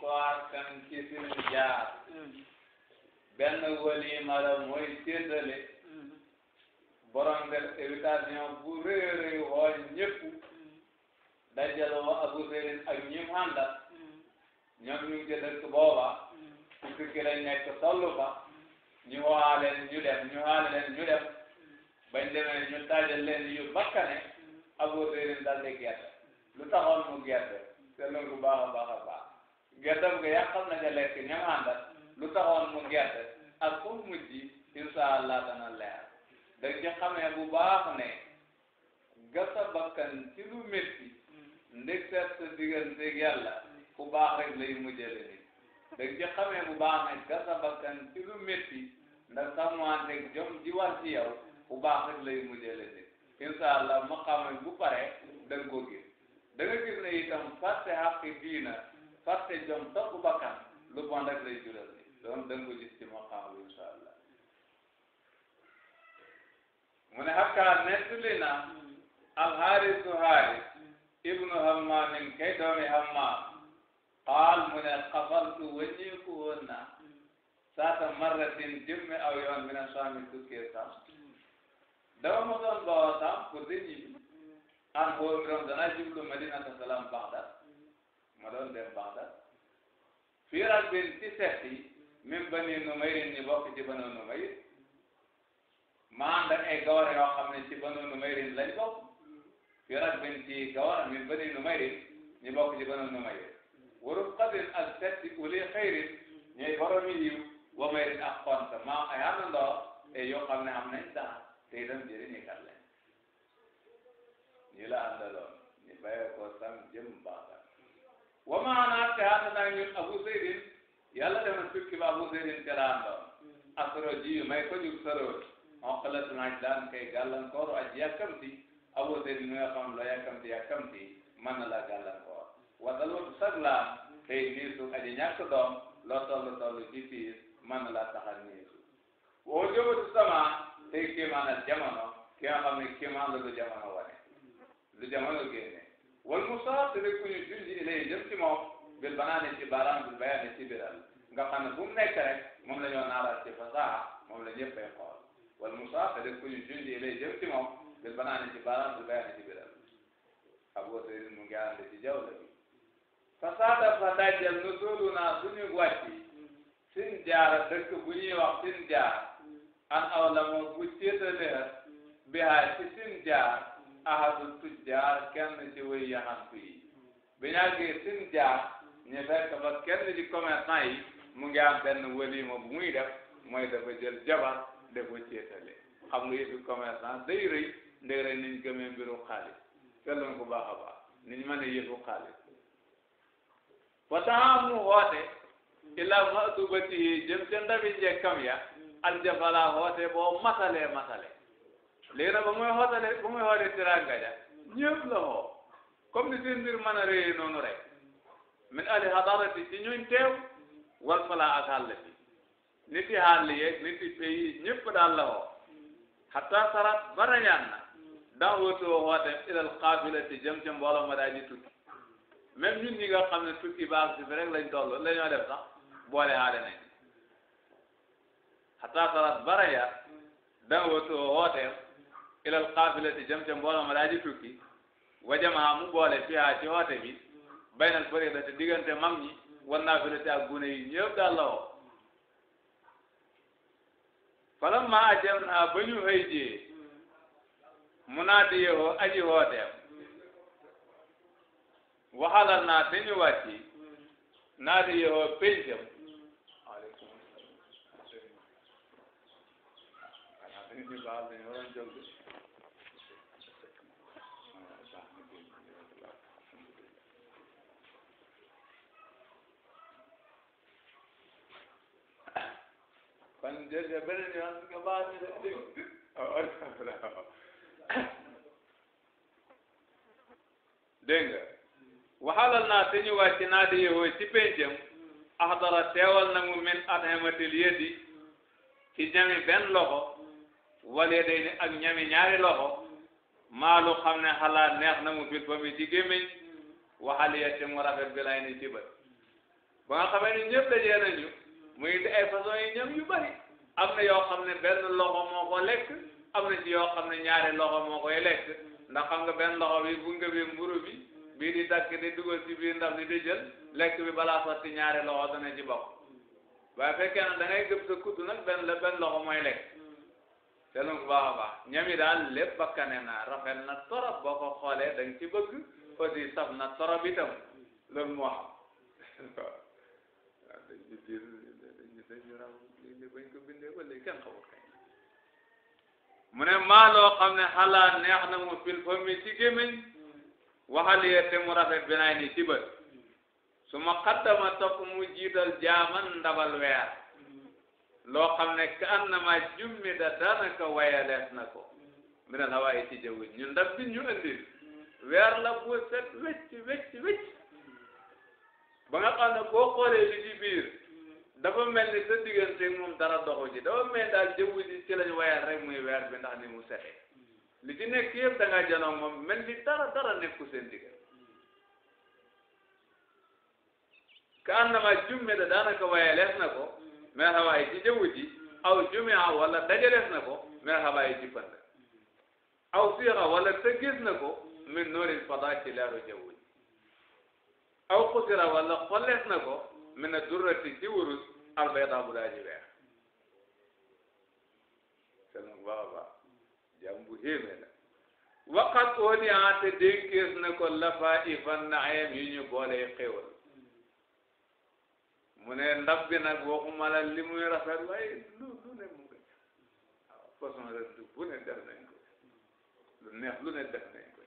koor kan ci suñu jaar benn walima la mooy séddale borom def invitation bu rëy a rëy xool ñëpp dajaloo Abu Zeydin ak ñim ànda ñoom ñu ngi ci dëkk booba tukki ki lañ nekk tollu fa ñu waa leen ñu dem ñu waa leen ñu dem bañ demee ñu taajal leen yu bakkane Abu Zeydin dal di gerte lu taxoon mu gerte te loolu baax a baax a baax gerteem nga yàqal na nga lekk ñam lu taxoon mu gerte ak fu mu mujj incha allah leer da ci xamee bu baax ne gasa bakkan ci lu métti ndeg seet sa digganteeg yàlla ku baax rek lay mujjale nit da ci xamee bu baax ne gasa bakkan ci lu métti ndax sàmmanteeg jom ji war ci yow baax rek lay mujjale nit incha allah ma xamee bu pare da nga ko gis da nga gis ne itam fàtte xaqi diina fàtte jom topp bakkan lu bon rek lay jural ni doon dëngu gis allah mu ne hakka nettali na alxaarisu xaaris ibnu hammaamin kay doomi hammaam qaal mu ne xafaltu wëññeeku woon na saata marratin jëmmi aw yoon mina saami tukkee sam dama ma doon bawoo an xool bi doon danaa madinata salaam baxdat ma dem Bagdad fii rabbin ci seet yi même ba nii numayrin ñi bokk ci banu numayr ma ànd ak ay gawar yoo xam ne ci banu numayrin lañ bokk fii rabbin ci gawar même ba nii numayrin uli xayrin ñooy boromi yiw wa mayrin ak xonta maa ay àndandoo te yoo am nañ sax te itam jëriñi kat lañ ñu la àndaloon ñu bàyyi ko sam jëm baax wa maanaam te ànd naa ñun Abu Zaydin yàlla dama tukki ba Abu Zaydin te laa ndoom asoro ji may ko jug soroot moo xalaat naa daan kay gàllankoor aji yàkkamti Abu Zaydin mi nga xam loo yàkkamti yàkkamti mën na la gàllankoor wadal watu sag laa tey niisu aji ñàkk doom loo toll toll ci piis mën na la taxal niisu woo jëwatu sama tey kéemaanal jamono ki nga xam ne kéemaan la lu jamono wane lu jamono génne wal musaafir ku ñu junj ilay jëm ci moom bil banaani ci baaraam bil bayaani ci biral nga xam ne bu mu nekk rek moom la ñoo naaral ci fasaha moom la ñëpp ay xool wal musaafir ku ñu junj ilay jëm ci moom bil banaani ci baaraam bil bayaani ci biral Abu Sayyid mu ngi ànd ci jawla bi fasaada fa dajjal nusuulu naa suñu wàcci sin jaara dëkk bu ñuy wax sin jaar an aw la moom bu céetale bi haa ci sin jaar ahadu tujjaar kenn ci wéy yaxantu yi bi ñu àggee sin jaar ñu fekk ba kenn ci commerçant yi mu ngi am benn walima bu muy def mooy dafa jël jabar da ko céetale xam nga yëfi commerçant day rëy ndég rek niñ gëmee mbiru xaalis seetlu ko baax a baax niñ mën a yëfu xaalis wa taxaa mu woote ilaa matubatiyi jëm ca ndabi njekkam ya aljafala woote boo masale masale léegi nag ba muy xootale ba muy xoolee tiranga ja ñëpp la xoo comme ni seen mbir mën a réyee noonu rek min ali hadarati ci ñuñ teew wal falaa ak àll bi nit yi àll yeeg nit yi pays ñëpp daal la xoo xataa sarat ba rayaan na daa wóotoo xooteem ilal qabilati jëm ca mbooloo ma daa ji tukki même ñun ñi nga xam ne tukki baax si fi rek lañ toll ñoo def sax boole xaale nañ xataa sarat ba rayaan daa wóotoo xooteem ilal qaafilati jëm ca mbooloo ma daa ji tukki wajamaa mu boole fiha ci woote bi baynal fariidati diggante mag ñi wan naafilati ak gune yi ñëpp daal la woo falamma ajamna ba ñu xëy jee munaadiyoo aji wooteem waxalal naa te ñu wàcci naadiyoo péncam aleykum salaam kon jërëjëf beneen yoon ñu ne naa te ñu wàcc naa di yowoo ci pencam na mu min adhematil yedi ci ñami benn loxo walee day ni ak ñami ñaari loxo maalu xam ne xalaat neex na mu bil ba mi ci gémmiñ waxal yette mu rafet bi ni ci bët ba nga xamee ni ñëpp dajee nañu muy it ay façon yi ñoom yu bari am yoo xam ne benn loxo moo ko lekk am na ci ne ñaari loxo moo koy lekk nga benn loxo bi bu ngëbee mburu bi bii di dakk di dugal ci biir ndax ni di jël lekk bi balaa sotti ñaari loxo dana ci bokk waaye fekkee nag da ngay gëb sa kuddu nag benn la benn loxo mooy lekk te lu a na rafet na torop boo ko xoolee ci bëgg aussi saf na torop itam loolu moo kenn xamul mu ne maa loo xam ne xalaat neex na mu fil fami ci gémmiñ waxal yee mu rafet binaay ni ci bët su ma xaddama topp mu jiital jaaman ndabal weer loo xam ne ka annama jummi da daanaka wayalees na ko mi ne la waaye ci ñu ndab bi ñu andil weer la bu set wecc wecc wecc ba nga ne boo xoolee li ci dafa mel ni sa diggante moom dara doxu ji dafa mel daal jëmm ji ci lañ wayal rek muy weer bi ndax ni mu sexe li ci nekk yëpp da ngaa janoog moom mel ni dara dara nekku seen diggante ka annama jumme da daanaka wayalees na ko mais xawaay ci jëmm ji aw jumea wala dajalees na ko mais xawaay ci pënd aw siira wala tëggees na ko min nooril fada ci leeru ji aw xusira wala xollees na ko min a durrati ci wurus albayda bu daa ji weex selon baba jàm bu héeme la waqat ate dénkees na ko lafa ifan naayam yu ñu boolee xéwal mu ne ndab bi nag waxuma la li muy rafet waaye lu lu ne mu ngi waaw façon rëdd bu ne def nañ ko lu ne def nañ ko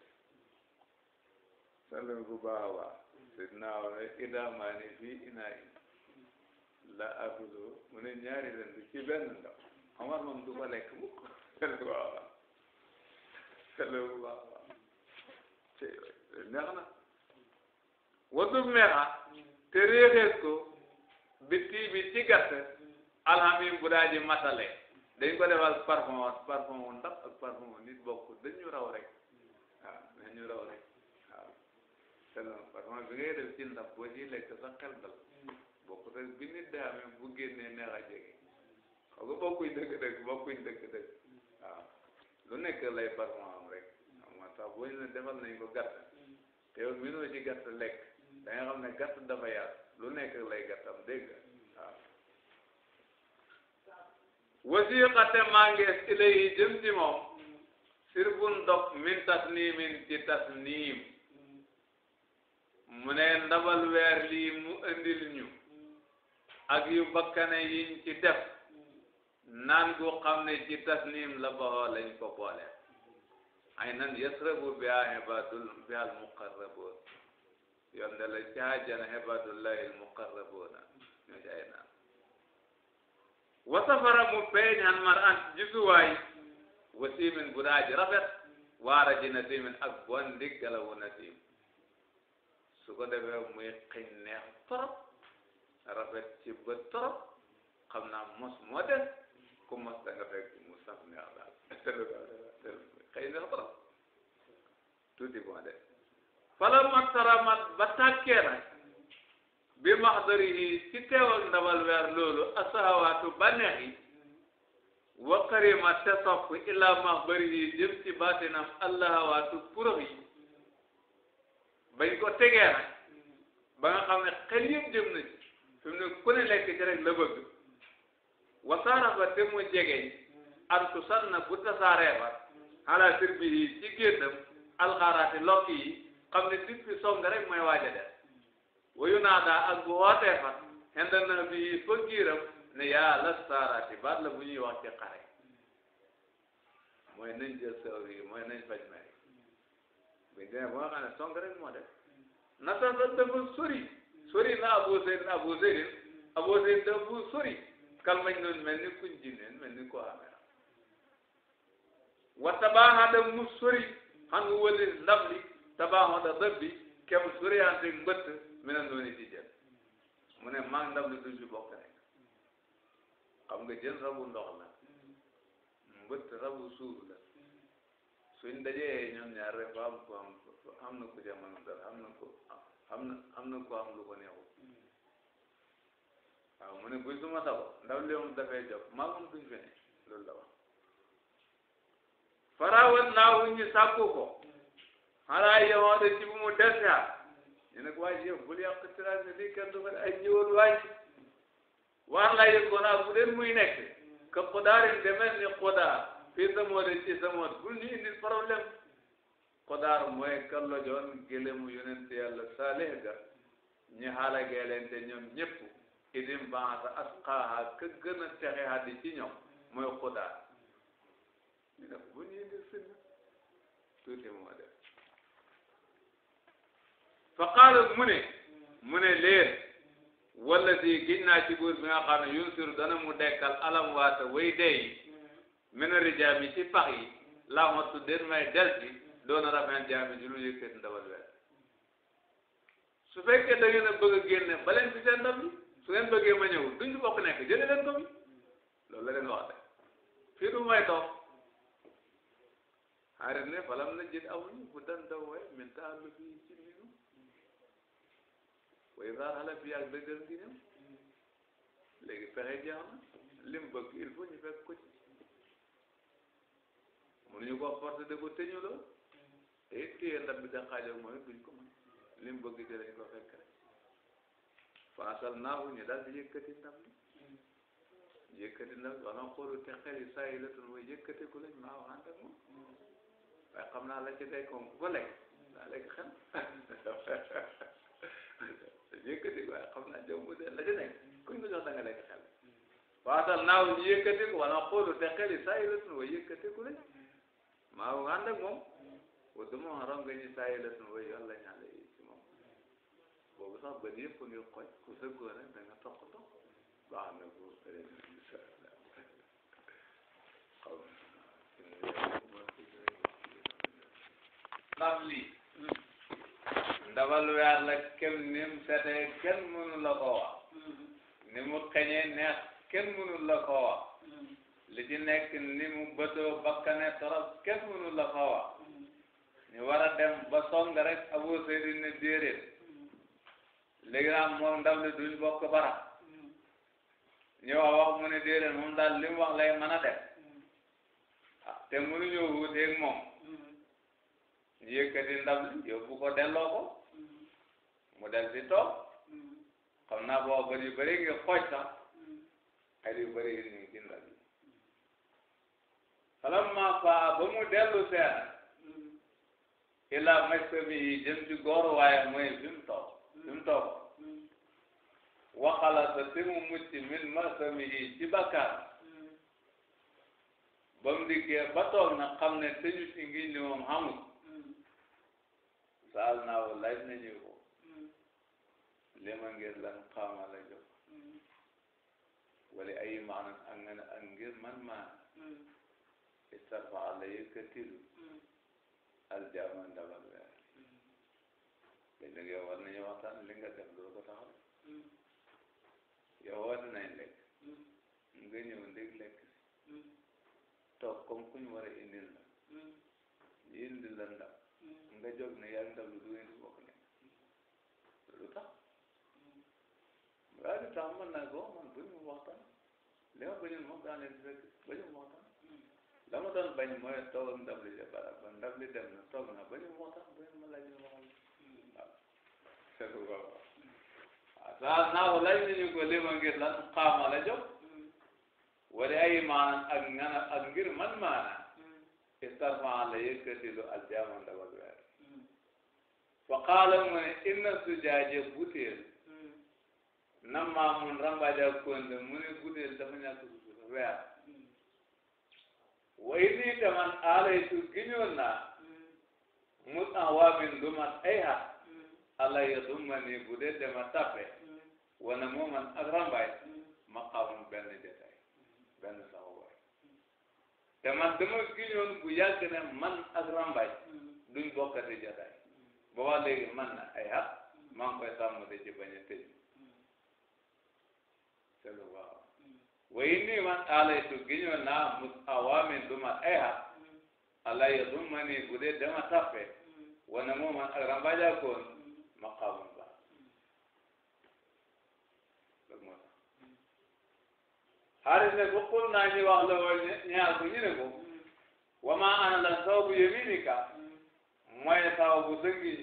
selon bu baax sidna omar idaa maani fii inaa in la akulu mu ne ñaari ren bi ci benn ndaw omar moom du ko lekk mukk waaw waaw neex na wadub meexa te réexees ko bitti bi ci gàtt alhamim bu daa ji matale dañ ko defal parfum parfum wu ndab ak parfum nit bokk dañu raw rek waaw dañu raw rek te noonu façon bi ngay def ci ndab boo ciy lekk sa xel dal bokkut ak bi nit daa amee bu génnee neex a jege xam nga bokkuñ dëgg-dëgg bokkuñ dëgg-dëgg waaw lu nekk lay façon am rek moo tax boo ñu ne defal nañ ko gàtt te yow mënoo ci gàtt lekk da nga xam ne gàtt dafa yaat lu nekk lay gàttam dégg waaw wasiqate manges ilayhi jëm ci moom min tasnimin ci tasnim mu ne ndabal weer lii mu indil ñu ak yu bakkane yi ci def naan gu xam ne ci tasnim la baxoo lañ ko boole ay nan yasrabu biha ibadul biha al muqarrabun yoon de la caajana ibadullahi al muqarrabuna ñu ci ay naan mu peeñ han mar an jisuwaay wasimin bu daaji rafet waara ji nasimin ak bon ndigg la wu nasim ko defee muy xiñ neex torop rafet ci bët torop xam naa mos moo des ku mos da nga fekk mu saf neex daal xëy neex torop tuuti moo des fala mataramat ba tàkkee nag bi maxdari yi ci teewal ndabal weer loolu asahawaatu baneex yi wa karima te sopp ilaa maxbari yi jëm ci baatinam allahawaatu purux yi bañ ko tegee nag ba nga xam ne xel yëpp jëm nañ fi ne ku ne lekk ci rek la bëgg wasaara mu jegeñ an tusan na bu tasaaree ba sir bi yi ci génnam alxaaraati lokk yi ne dit bi song rek mooy waaja def wayu naa daa ak bu wootee fa bi yi fa ne yaa la saaraati baat la bu ñuy wax ci xare mooy nañ jël sawr yi bi dee boo xam ne song rek moo nasafa dafa sori sori na Abu Zayd Abu Zayd Abu Zayd dafa sori kal mañ noonu mel ni kuñ jineen mel ni ko amee wa tabaahada mu sori xam nga wali ndab li tabaahada dab bi kem soriante mbëtt mi ne noonu ci jël mu ne maa ngi ndab li duñ ci bokk rek xam nga jël rabu ndox la mbëtt rabu suuf la suñ ñoom ñaar rek ba am ko am am na ku jamono dara am na ko am na am na ko am lu ko neexul waaw ah, mu ne buy suma sago ndaw li moom dafay jox maa moom duñ fi ne loolu la wax farawat naa ñu sàkku ko xanaa yemoo de ci bu mu des ñaar ñu ne ko waa ji yow bul yàq tiraas ne lii kenn du ko ay ñëwoon waa ji war la yëg ko naa bu leen muy nekk ka xodaarin fii samoot yi ci samoot bul ñu indil problème xodaar mooy kallojoon gélemu yonent yàlla saalih ga ñi xaalagee leen te ñoom ñëpp idim baasa asqaaha ka gën a texe hadi ci ñoom mooy xodaar ñu ne bul ñu indil tuuti moo fa qaala mu ne mu ne leen walla di giñ ci buur bi nga xam ne dana mu dekkal alam waata way dey mën a rijaam yi ci pax yi laa may del bi doon a rafet jaam yi ci lu yëkkati ndawal weer su fekkee da ngeen a bëgg a génne ba leen ci seen ndab bi su ngeen bëggee ma ñëw duñ bokk nekk jëlee leen ko bi loolu la leen wax de fii du may toog xaarit ne falam na jël aw ñu bu dan daw waaye min taalu bi ci niru way saar xale bi ak dëggal ngi ñëw léegi pexe jeex na lim bëgg il faut ñu fekk ko mënuñu koo forcé de ko tëñuloo te it téye ndab bi da xaajoo mooy duñ ko mën li mu bëgg ci lañ ko fekk rek faasal naahu ñu daal di yëkkati ndab bi yëkkati ndab bi xanaa xoolu te xel yi saa yi la tun mooy yëkkati ku lañ maa waxante ak moom waaye xam naa la ci day koom ku ko lekk daa lekk xel yëkkati ko waaye xam naa jom bu dee la ci nekk kuñ ko jox da nga lekk xel faasal naahu ñu yëkkati ko xanaa xoolu te xel yi saa yi la tun mooy yëkkati ku lañ maa ma waroon nga ñu saa yi la sunu way yàlla ñaale yi ci moom boobu sax ba yëpp ngi xoj ku sëggoo rek da nga toq toq baax na bu ëllëg incha allah xaw ma. ndabal weer la kem ni mu setee kenn mënu li ci nekk ni mu bëtoo bakkane torop kenn mënu la fa war a dem ba song rek abu seydi ne déedéet léegi nag moom ndam li duñ bokk bara ñu wax wax mu ne déedéet moom daal li mu wax lay mën a def ah, te mënuñoo wuuteeg moom ñu yëkkati ndam li yóbbu ko delloo ko mu del si toog bari yu bëri ngi falamma faa ba mu dellu seen ila maskami yi jëm ci góor waaye mooy fi mu toog fi mu toog waxalata te mu mucc min maskami yi ci bakkaar ba mu dikkee ba toog na xam ne tëju ci ngi ni moom xamul saal naa ko laaj nañu ko li ma ngir lan xaama la jóg wala ay maanaan ak nga ne ak ngir man maan istafa allah yëkkatilu hmm. aljama ndabal weer hmm. léeg-léeg yow war nañu waxtaan li nga def loolu ko taxal hmm. yow woote nañ lekk nga ñëw ndég lekk si toog comme kuñ war a indil la ñu indil la ndab nga jóg ne yaa ndab lu du ngeen bokk lekk loolu tax waaye tax mën naa ko man bu ñu waxtaan li ma bañul moom daa leen fekk ba ñu waxtaan la ma doon bañ mooy toog ak ndab li de barab ba na toog na bañ moo tax bañ ma laaj ma xam waaw seetlu ko waaw saa naa ko laaj nañu ko li ma ngir lan xaama la jóg wala ay maanaam ak ngana ak ngir man maanaam mm. istarfaa la yëkkati lu aljaama ndabal weer wa qaala mu ne inna sujaaje butéel mm. nam maamun rambaja konde mu ne butéel dafa ñàkk weer way nii taman aalaytu giñoon naa mut an waa min du mat ay hat allah ya dumma nii bu dee dama tappe wana mooman ak rambay maqaamum benn jotaay benn saxuwaay te man dama giñoon bu yàgg ne man ak rambay duñ bokkati jotaay booba léegi man na ay hat maa ngi de ci bañ a tëj te lu way ni man alaytu giño naa mus awamin duma ay hat allah ya dumma ni bu dee dama tappe wana mu man ak rambaja koon maqamun ne bokkul naa ñu wax la woon ñaar ko ñu ne ko wama ana la saw bu yaminika mooy saw bu sëngiñ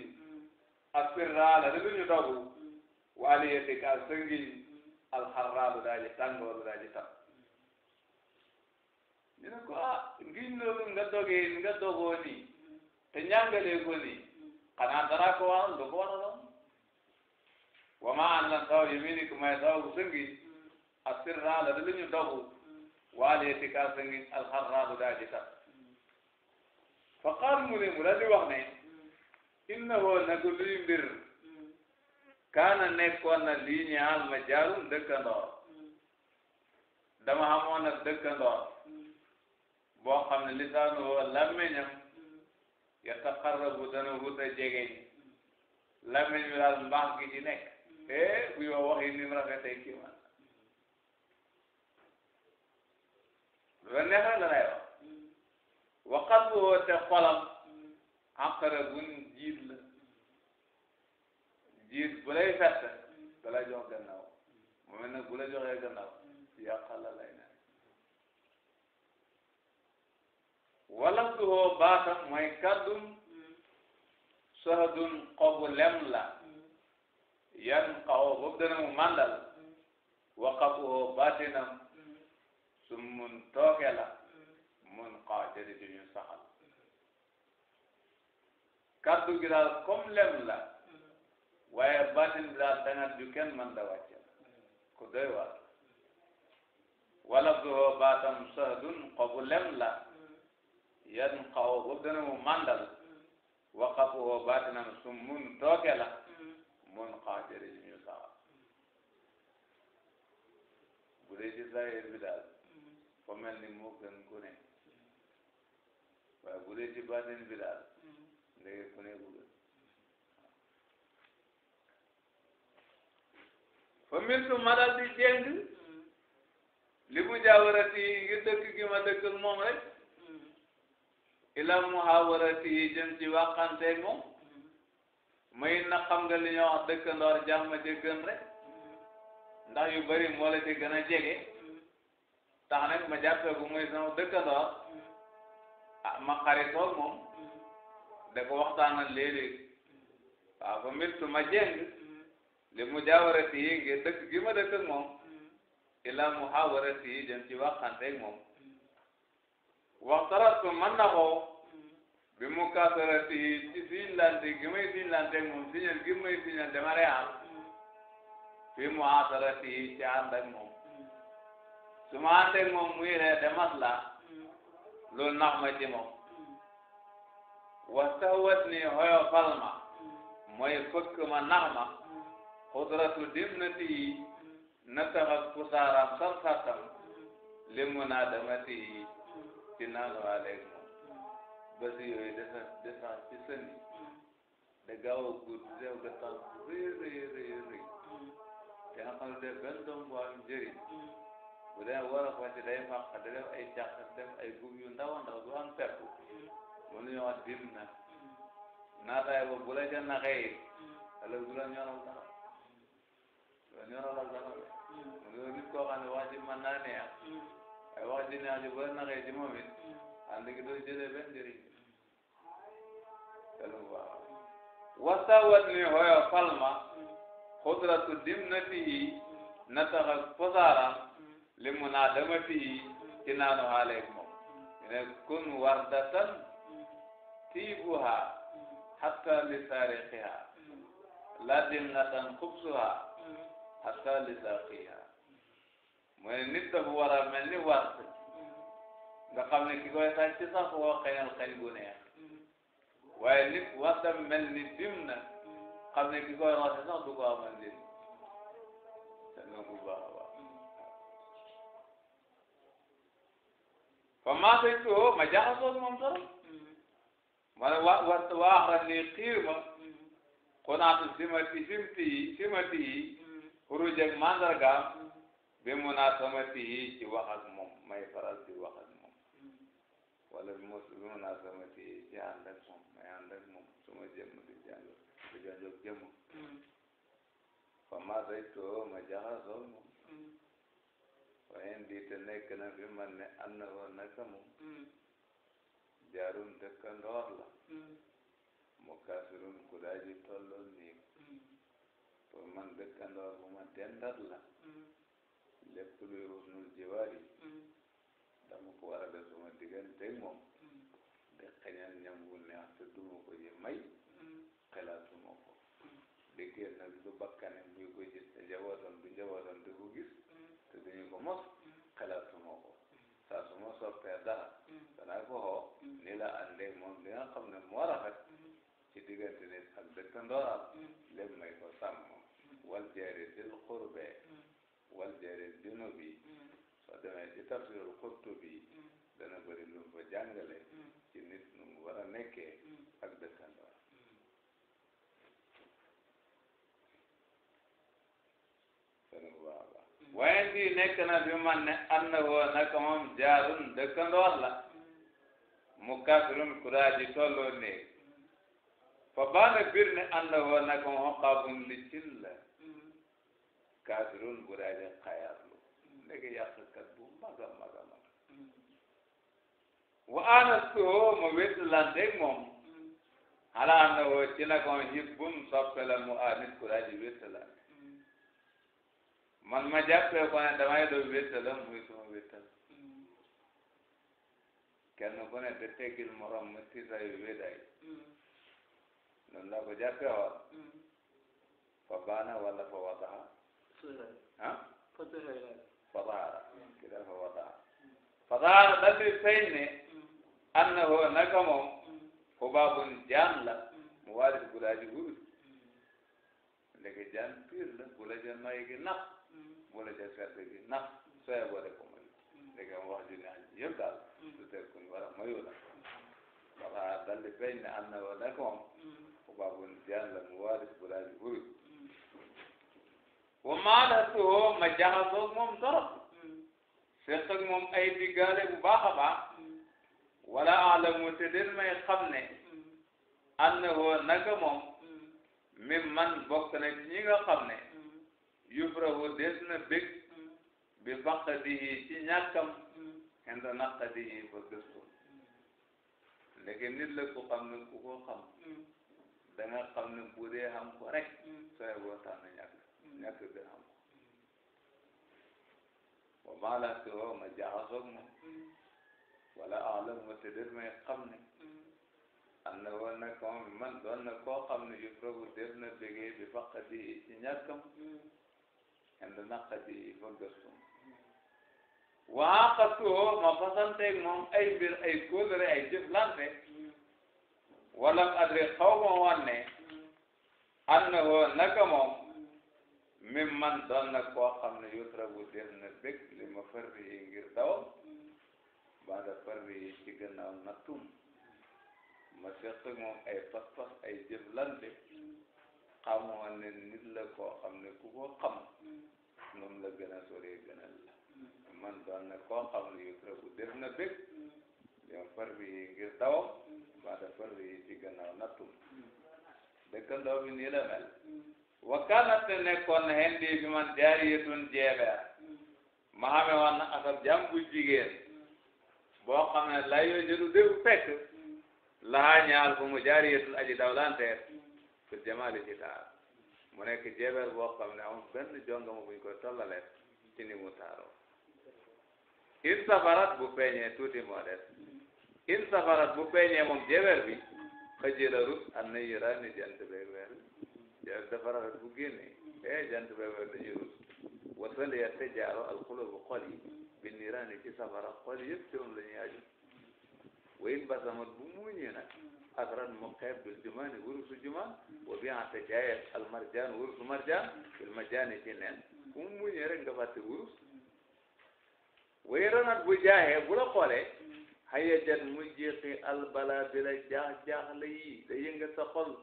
asirraala rek ñu dogu waaliyati ka sëngiñ alxarraadu daa ji tàngooru daa ji tàpp ñu ne ko ah ngiñ loolu nga dogee nga dogoo nii te ñàngalee ko nii xanaa dara ko waral du ko waraloon wa maa an lan taw yi mii ni ku may taw bu sëngi asirraala da lu ñu dogu waalee ti kaa sëngi alxarraadu daa ji tàpp fa qaal mu ne mu daal di wax ne innahu nagu luy kaana nekkoon na lii ñu al ma jaarum dëkkandoor mm. dama amoon na dëkkandoor mm. boo xam ne lisaanu woo làmmeñam mm. yataxarrabu dana wut a jege làmmeñ bi daal mbaax gi ci nekk eh buy wax wax yi ni man la neexal la lay wax waxal bu woo te xolam jiit la jiit bu lay fett da lay jox gannaaw mu mel nag bu la joxee gannaaw yàqal la lay nekk walam tu baatam mooy kàddum soxadun xobu lem la yan xaw boobu dana mu màndal waqafu hoo baatinam su mun tooke la mun xaw jadi ju saxal kàddu gi daal lem la waaye baatin bi daal dangat ju kenn man da wàcce ku doy waar wala boo baatam sahdun xobu lem la yan xaw boobu dana mu màndal waqafu baatinam summun tooke la mun xaw jëri ñu saxal bu dee ci zahir bi mel ni moo gën ku ne waaye bu dee mm. ndege ku ne bu fa miltu ma dal di jéng li mu jaawarati ngir dëkk gi ma dëkk moom rek ila muhawarati jëm ci waxante moom may na xam nga li ñoo wax dëkkandoor jàmm jëggën rek ndax yu bari moo la ci gën a jege tax nag ma jàppee bu muy sama dëkkandoor ah ma xaritoog moom da ko waxtaanal léeg-léeg waaw fa miltu ma jéng li mu jaawarati yi ngir dëkk gi ila mu xaawarati yi jëm ci waxanteeg moom waxtaratu man na bi mu kaasarati yi ci siñlante gi may siñlanteeg moom siñal gi may siñal demare am fi mu xaasarati yi ci ànd ak moom su ma àndeeg moom muy ree demas la loolu nax ma ci moom ni hoyo falma mooy fëkk ma nax ma xudratu dim na tiyi na taxal pusaaram salxatam li mu naa dama tiyi ci naanu aleeg moom basi yooyu desa desa ci sëni da gaaw a gudd dew da tax rëy rëy de benn doom bu am njëriñ bu dee war a fàcc day fàq da def ay càq def ay gub yu ndaw ndaw du am pepp mënuñoo dim na naataay ba bu la ca naxee wala bu ñoro la gano de nit koo xam ne wax ji mën naa neex ay wax ji neex ju bëri naxee ci moom it ànd gi doo jëlee benn njëriñ telu baax wasawat ni hoyo falma xudratu dimnatihi nataxa posaaram li mu naa dama fii ci naanu xaaleeg ne kun wardatan tiibuha hatta li saarixiha la dimnatan xubsuha hatta lisaqiha mu ne nit dafa war a mel ni war nga xam ne ki koy sàcc sax woo xeñal xeñ gu neex waaye nit warta mel ni dim na xam ne ki koy roose sax du ko amal nit te nangu baax a baax fa maa sëñ tuho ma jaxasoo moom sax ma ne wa wa waaxra ni xiir ma xonaatu simati simti yi simati yi xuruj ak mandargaam bi munaasamati ci wax ak moom may faral di wax ak moom wala bi munaasamati ci ànd ak moom may ànd ak moom suma jëmm di jàng di jànjog jëmm fa ma saytoo ma jaxasoo moom waaye ndi te nekk na fi man ne am na woon naka moom jaarum dëkkandoor la mu kaasirum ku daaji tolloo nii pour man dëkkandoor bu ma dendat la mm. lépp luy husnul jiwaari mm. dama ko war a def suma digganteeg moom mm. di xeñal ñam ko ji may xelaatuma ko liggéey nag du bakkane buy ko gis te njabootam du njabootam di ko gis te duñu ko mos xelaatuma ko saa su ma soppee dara danaa ko xoo ni la àndee moom li nga xam ne moo rafet ci diggante nit ak dëkkandooram lépp may ko sàmm wal jaari dil qurbe mm. wal jaari junubi mm. soo demee ci tafsirul qurtubi mm. dana bëri lu mu fa jàngale ci nit nu mu war a nekkee ak dëkkandoo waaye lii nekk na fi man ne ànd woo naka moom jaarun dëkkandoor la mu kasirun kuraaji tolloo néeg fa baana bir ne ànd woo naka moom xaabun li cin la kaafirun bu daa di xayaatlu nekk yàqkat bu mag a mag a mag wa anastu hoo ma wétu lanteeg moom xalaat na woo ci nakoon hibbun soppe la mu anit ku daa di la man ma jàppee ko ne damay doon wétu la muy suma wétu la kenn ku ne te teggil morom ma tiisaayu wédaay noonu la ko jàppee woon mm. fa baana wala fa wadaxa ah fadaara ki dafa wadaar fadaara dal di feeñ ne annahu naka moom xubaabun jaan la mu waalis gulaaji wurus léegi jaan piir la bu la ja noy gi napp bu la ja gi napp sooy boole ko moy léegi hmm. am wax ju neex ji yëpp daal du hmm. teel ku ñu war a mayu la fadaara dal di feeñ ne annahu naka moom xubaabun jaan la mu waalis gulaaji wurus wa maalatuhu ma jaxasoog moom torop seq ak moom ay diggaale bu baax a baax wala alamu may xam ne annahu naka moom mi man bokk na ci ñi nga xam ne yufrahu des na bég bi faqadihi ci ñàkkam xenda naqadihi ba gëstu léegi nit la ku xam ne ku ko xam da xam ne bu dee xam ko rek sooy boo tànn ñàkk ñàkk bi am wa maa laa si woo ma jaxasoog moom wala alam ma te def may xam ne am na woon na ko man doon na koo xam ne yu probu def na bégee bi faqadi ci ñàkkam indi naqadi fa gëstum waa xatuwoo ma fasanteeg moom ay mbir ay kóolare ay jëflante wala adri xaw ma wan ne am na woon naka mim man doon na koo xam ne yutrabu def na bég li ma farri yi ngir dawam baada farri yi ci gannaaw nattum ma seq moom ay pas-pas ay jëflante xamoon ne nit la koo xam ne ku ko xam la gën a sori gënal la man doon na koo xam ne yutrabu def na bég li ma farri yi ngir dawam baada farri yi ci gannaaw nattum dëkkandoo bi nii la mel wakkaana te nekkoon na hendi fi man jaariyatun jeebeer ma xame woon na asal jàm bu jigéen boo xam ne lay yoo jëdu déw fekk laa ñaal bu mu jaariyatun aji dawlanteer fi jamaali ci taar mu nekk jeebeer boo xam ne amul benn jongama buñ koy tollale ci ni in safarat bu feeñee tuuti moo des in safarat bu feeñee moom jeebeer bi xëjila rus an na yëra ni jant beeg weer jaaro dafa rafet bu génne jant ba wér dañuy wasal ya te jaaro alxulubu xol yi bi niiraani ci safara xol yëpp ci moom la ñuy aju wayin basamat bu muuñee nag asran mu xeeb bil jumaani wurusu wa bi an te jaayet almarjaan wurusu marjaan bil majaani ci neen bu mu muuñee rek nga fàtte wurus wayin bu jaayee bu la xoolee xayajan mu jeexi albala bi la jaax jaaxle yi da yëngal sa xol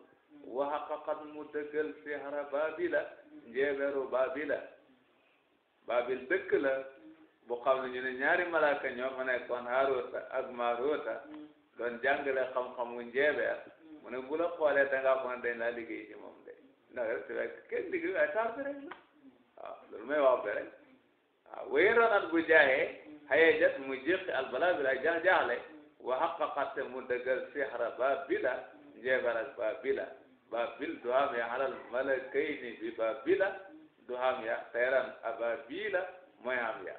wa haqaqat mu dëggal sihra babila njeebeeru babila babil dëkk la bu xam ne ñu ne ñaari malaaka ñoo fa nekkoon Haaruuta ak Maaruuta doon jàngale xam-xamu njeebeer mu ne bu la xoolee da ngaa foog ne dañ laa liggéey ci moom de ndax rek rek kenn liggéey ay taar bi rek la waaw loolu may wax bi rek waaw wéy ronat bu jaayee xayee jat mu jéqi albala bi la jax jaaxle wa xaqaqat mu dëggal sihra babila njeebeer ak babila babil duham ya alal malakayni bi babila duham ya tayran ababila mooy am ya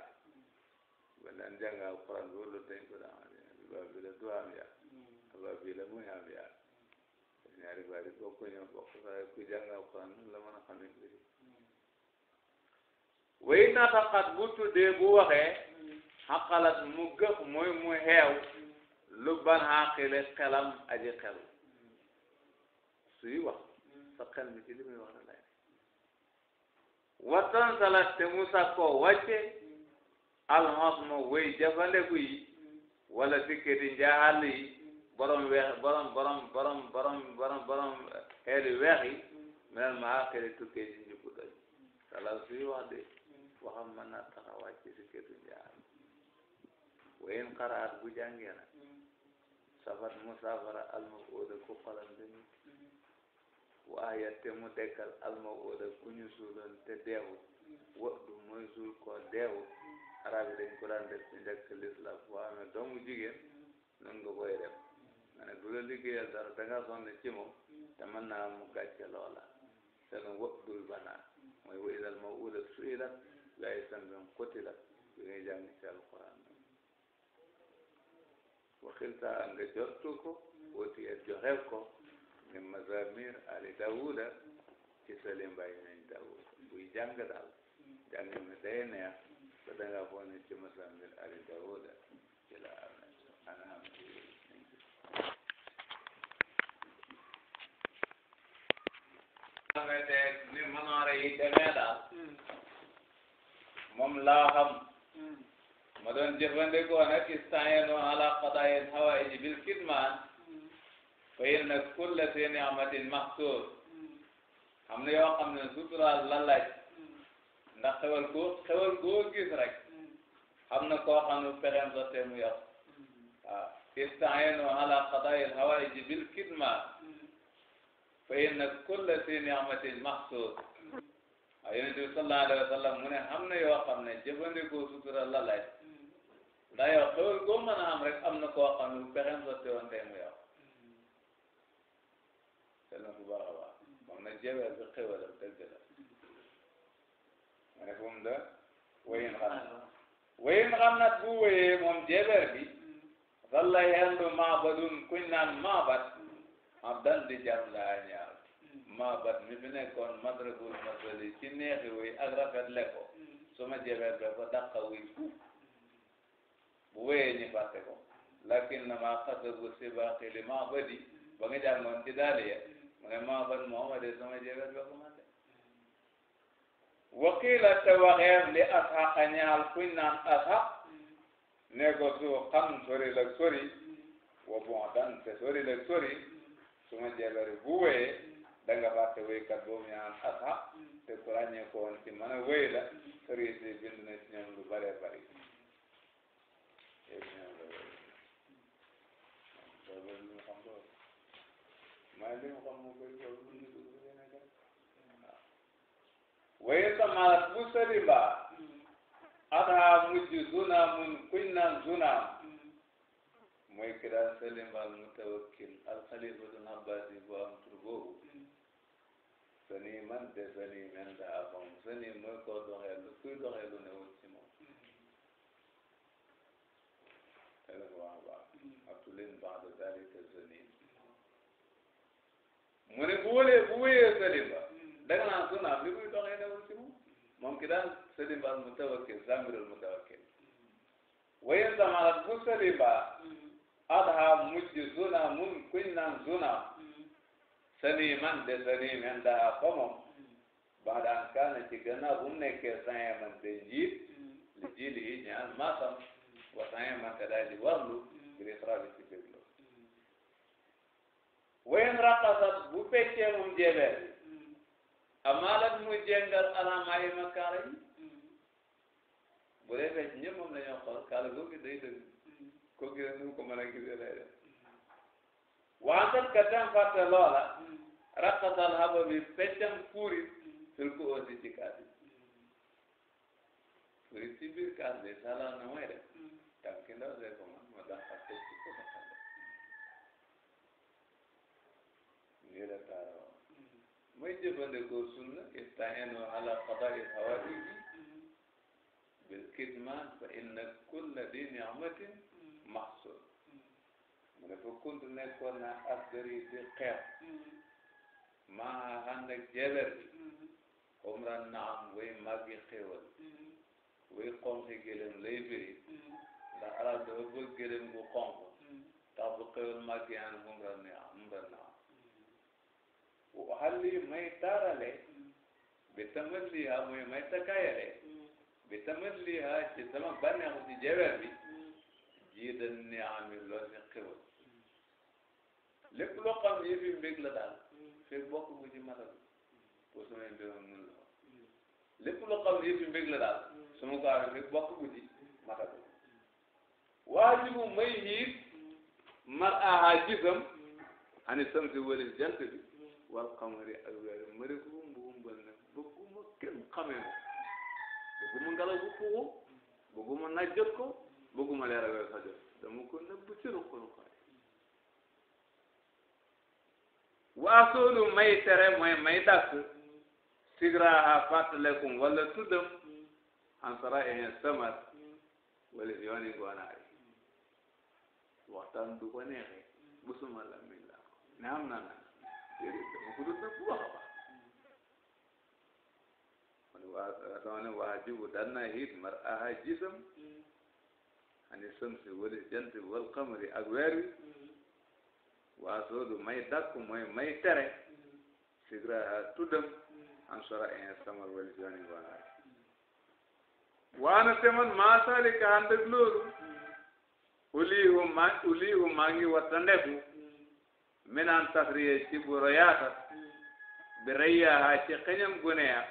banan jànga alquran wóorlu dañ ko daan bi babila duham ya ababila mooy am ya ñaari baari bokk ñoo bokk waaye ku jàng alquran la mën a xamee mbiri way nataqat bu tuddee bu waxee xaqalat mu gëx mooy mu xeew lu ban xaqile xelam aji xelu suy wax mm. sa xel mi ci li muy wax la lay watan salat te mu sàkkoo wàcce mm. alxam ma wéy jafandeku yi mm. wala dikkati njaaxal yi borom weex borom borom borom borom borom borom xeeli weex yi mel maa xeeli tukkee ci njukku doj salat suy wax de waxam mën naa tax a wàcce dikkati njaaxal wayin xaraat bu jàngee nag safat musafara almafuuda ku xolam dañu waaye te mu dekkal almawuuda ku ñu suuloon te deewul wadu mooy suul koo deewul arab yi dañ ko daan def ci njëkk lislam boo amee doomu jigéen nan nga koy def ma ne du la liggéeyal dara da nga sonn ci moom te mën naa mu gàcce loola te nu wadul banaa mooy wa idal mawuuda suilat lay sambin qutilat bi ngay jàng ci alquran waxil taa nga jottu ko wotiyet joxel ko min mazamir ali dawuda ci salim bàyyi nañ dawud buy jàng daal jàng mi day neex ba danga foog ne ci mazamir ali dawuda ci la amee ana am ah, ni manoore yi demee daal moom laa xam ma doon jëfandikoo nag istaayanu ala qadaayin hawaayiji bil kidmaan fa inna kulla si ni'matin mahsuur xam ne yoo xam ne suturaal la laaj ndax xewal koo xewal koo gis rek xam na koo xam ne pexeem sa te mu yàqu waaw istaeenu ala qadaa'il hawaaiji bil kitmaan fa inna kulla si ni'matin mahsuur waaw yonent bi sallallahu alayhi wa sallam mu ne xam na yoo xam ne jëfandikoo suturaal la laaj ndax yow xewal koo mën a am rek am na koo xam ne pexeem sa te woon te mu yàqu rafet na bu baax moom nag jebeel bi xéwalam dëgg la ma ne ko mu da wayin xam na wayin xam na bu wéyee moom jebeer bi zalla yandu maabadun kuñ naan maabat abdan di jam laa ñaar maabat mi fi nekkoon madrabul masali ci neexi wuy ak rafet le ko suma jebeer be ko dàqa wuy bu wéyee ñi fàtte ko lakin na maa xasabu sibaaqi li maabadi ba nga jàngoon ci daaliya muhammadan muhammad sama jeegal ba ko mate wakiila te waxeef li asxaq ñaal kuñ naan asxaq ne ko suuxan sori la sori wa bu'dan te sori la sori suma jeebari bu danga fàtte wéykat boobu ñaan asxaq te ku ràññee ko woon ci mën a wéy la sori si bind na ci lu bare bari mooy li mu xam mu koy jox lu mu dugg Sénégal waaye sama bu sëri ba ada mujj zuna mun kuñ naan zuna mooy kira Salim al mutawakkil al xalifatul abbasi bu am tur boobu sani man de sani men da afam sani mooy koo doxee lu kuy doxee lu newul ci moom tele ko wax baax atuleen baax de mu ne bu wëlee bu wëyee Salimba da nga naan su naam li muy doxee newul ci moom moom ki daal Salimba al mutawakkil zamirul mutawakkil wayen samalat bu Salimba adha mujj zuna mun kuñ naan zuna sani man de sani men daa fa moom ba daan kaana ci gannaaw bu mu nekkee sanye man de njiit li ji li ñaan maasam wa sanye man te daal di warlu ngir israel ci biir wayen raqasat bu fekkee moom jebeel amaalat muy jengal alama yi ma kaala yi bu dee fecc ñëpp moom lañoo xool kaala googu day dëgg koo nu ko mën a gisee lay def waantat ka tam fàtte loola raqasal bi feccam fuuri fil ko aussi ci kaas yi fuuri ci sala na mooy def tànki ndaw ko man moo tax fàtte ci ko lii la taaroo mooy jëfandikoo sunna istahiinu ala qadaai hawaiji bil kitmaan fa inna kulla di nicmatin maxsul mu ne fa kuntu nekkoon naa asgari di xeex maa ànd ak jeber bi umran naam way màggi xéwal way xonqi gëlëm lay biri ndax alal dafa bëgg gëlëm gu xonq tax bu xéwal màggi aan umran naam waxal lii may taarale bi tamal ha may takayale bi tamal lii ha ci sama bànneexu ci jewer bi jii dañ ne ami lool ne xewal lépp loo xam ne yëfi mbég la daal fekk bokk bu ci matal pour samay mbiram nun la lépp loo xam ne yëfi mbég la daal su ma ko amee fekk bokk bu ci matal waajibu may hiit mar aha gisam ani sam si wëlis jant bi wal xamari ak weer ma ne ko humb humbal ne bëgguma kenn xamee ma bëgguma ngelaw bu fuuxu bëgguma naaj jot ko bëgguma leer ak weer sa jot dama ko nëbb ci ruq ruqaay waasoolu may tere mooy may dàkk sigraaha fàttalekum walla tuddam ansara ehe samat wala yooni ngoonaay waxtaan du ko neexee busuma la min laa ko ne am naa naa déedéet dama ko doon def jibu daan hiit mar aha jiitam ani samsi wala jant bi wal xamari ak weer wi waa soodu may dàkku mooy may tere sigra tuddam an sora en samar wala joni wala waana teman maa sali ka ànd ak loolu uliihu maa uliihu maa ngi watta ndeku min an tasriye ci bu royaata bi rayyaha ci xeñam guneya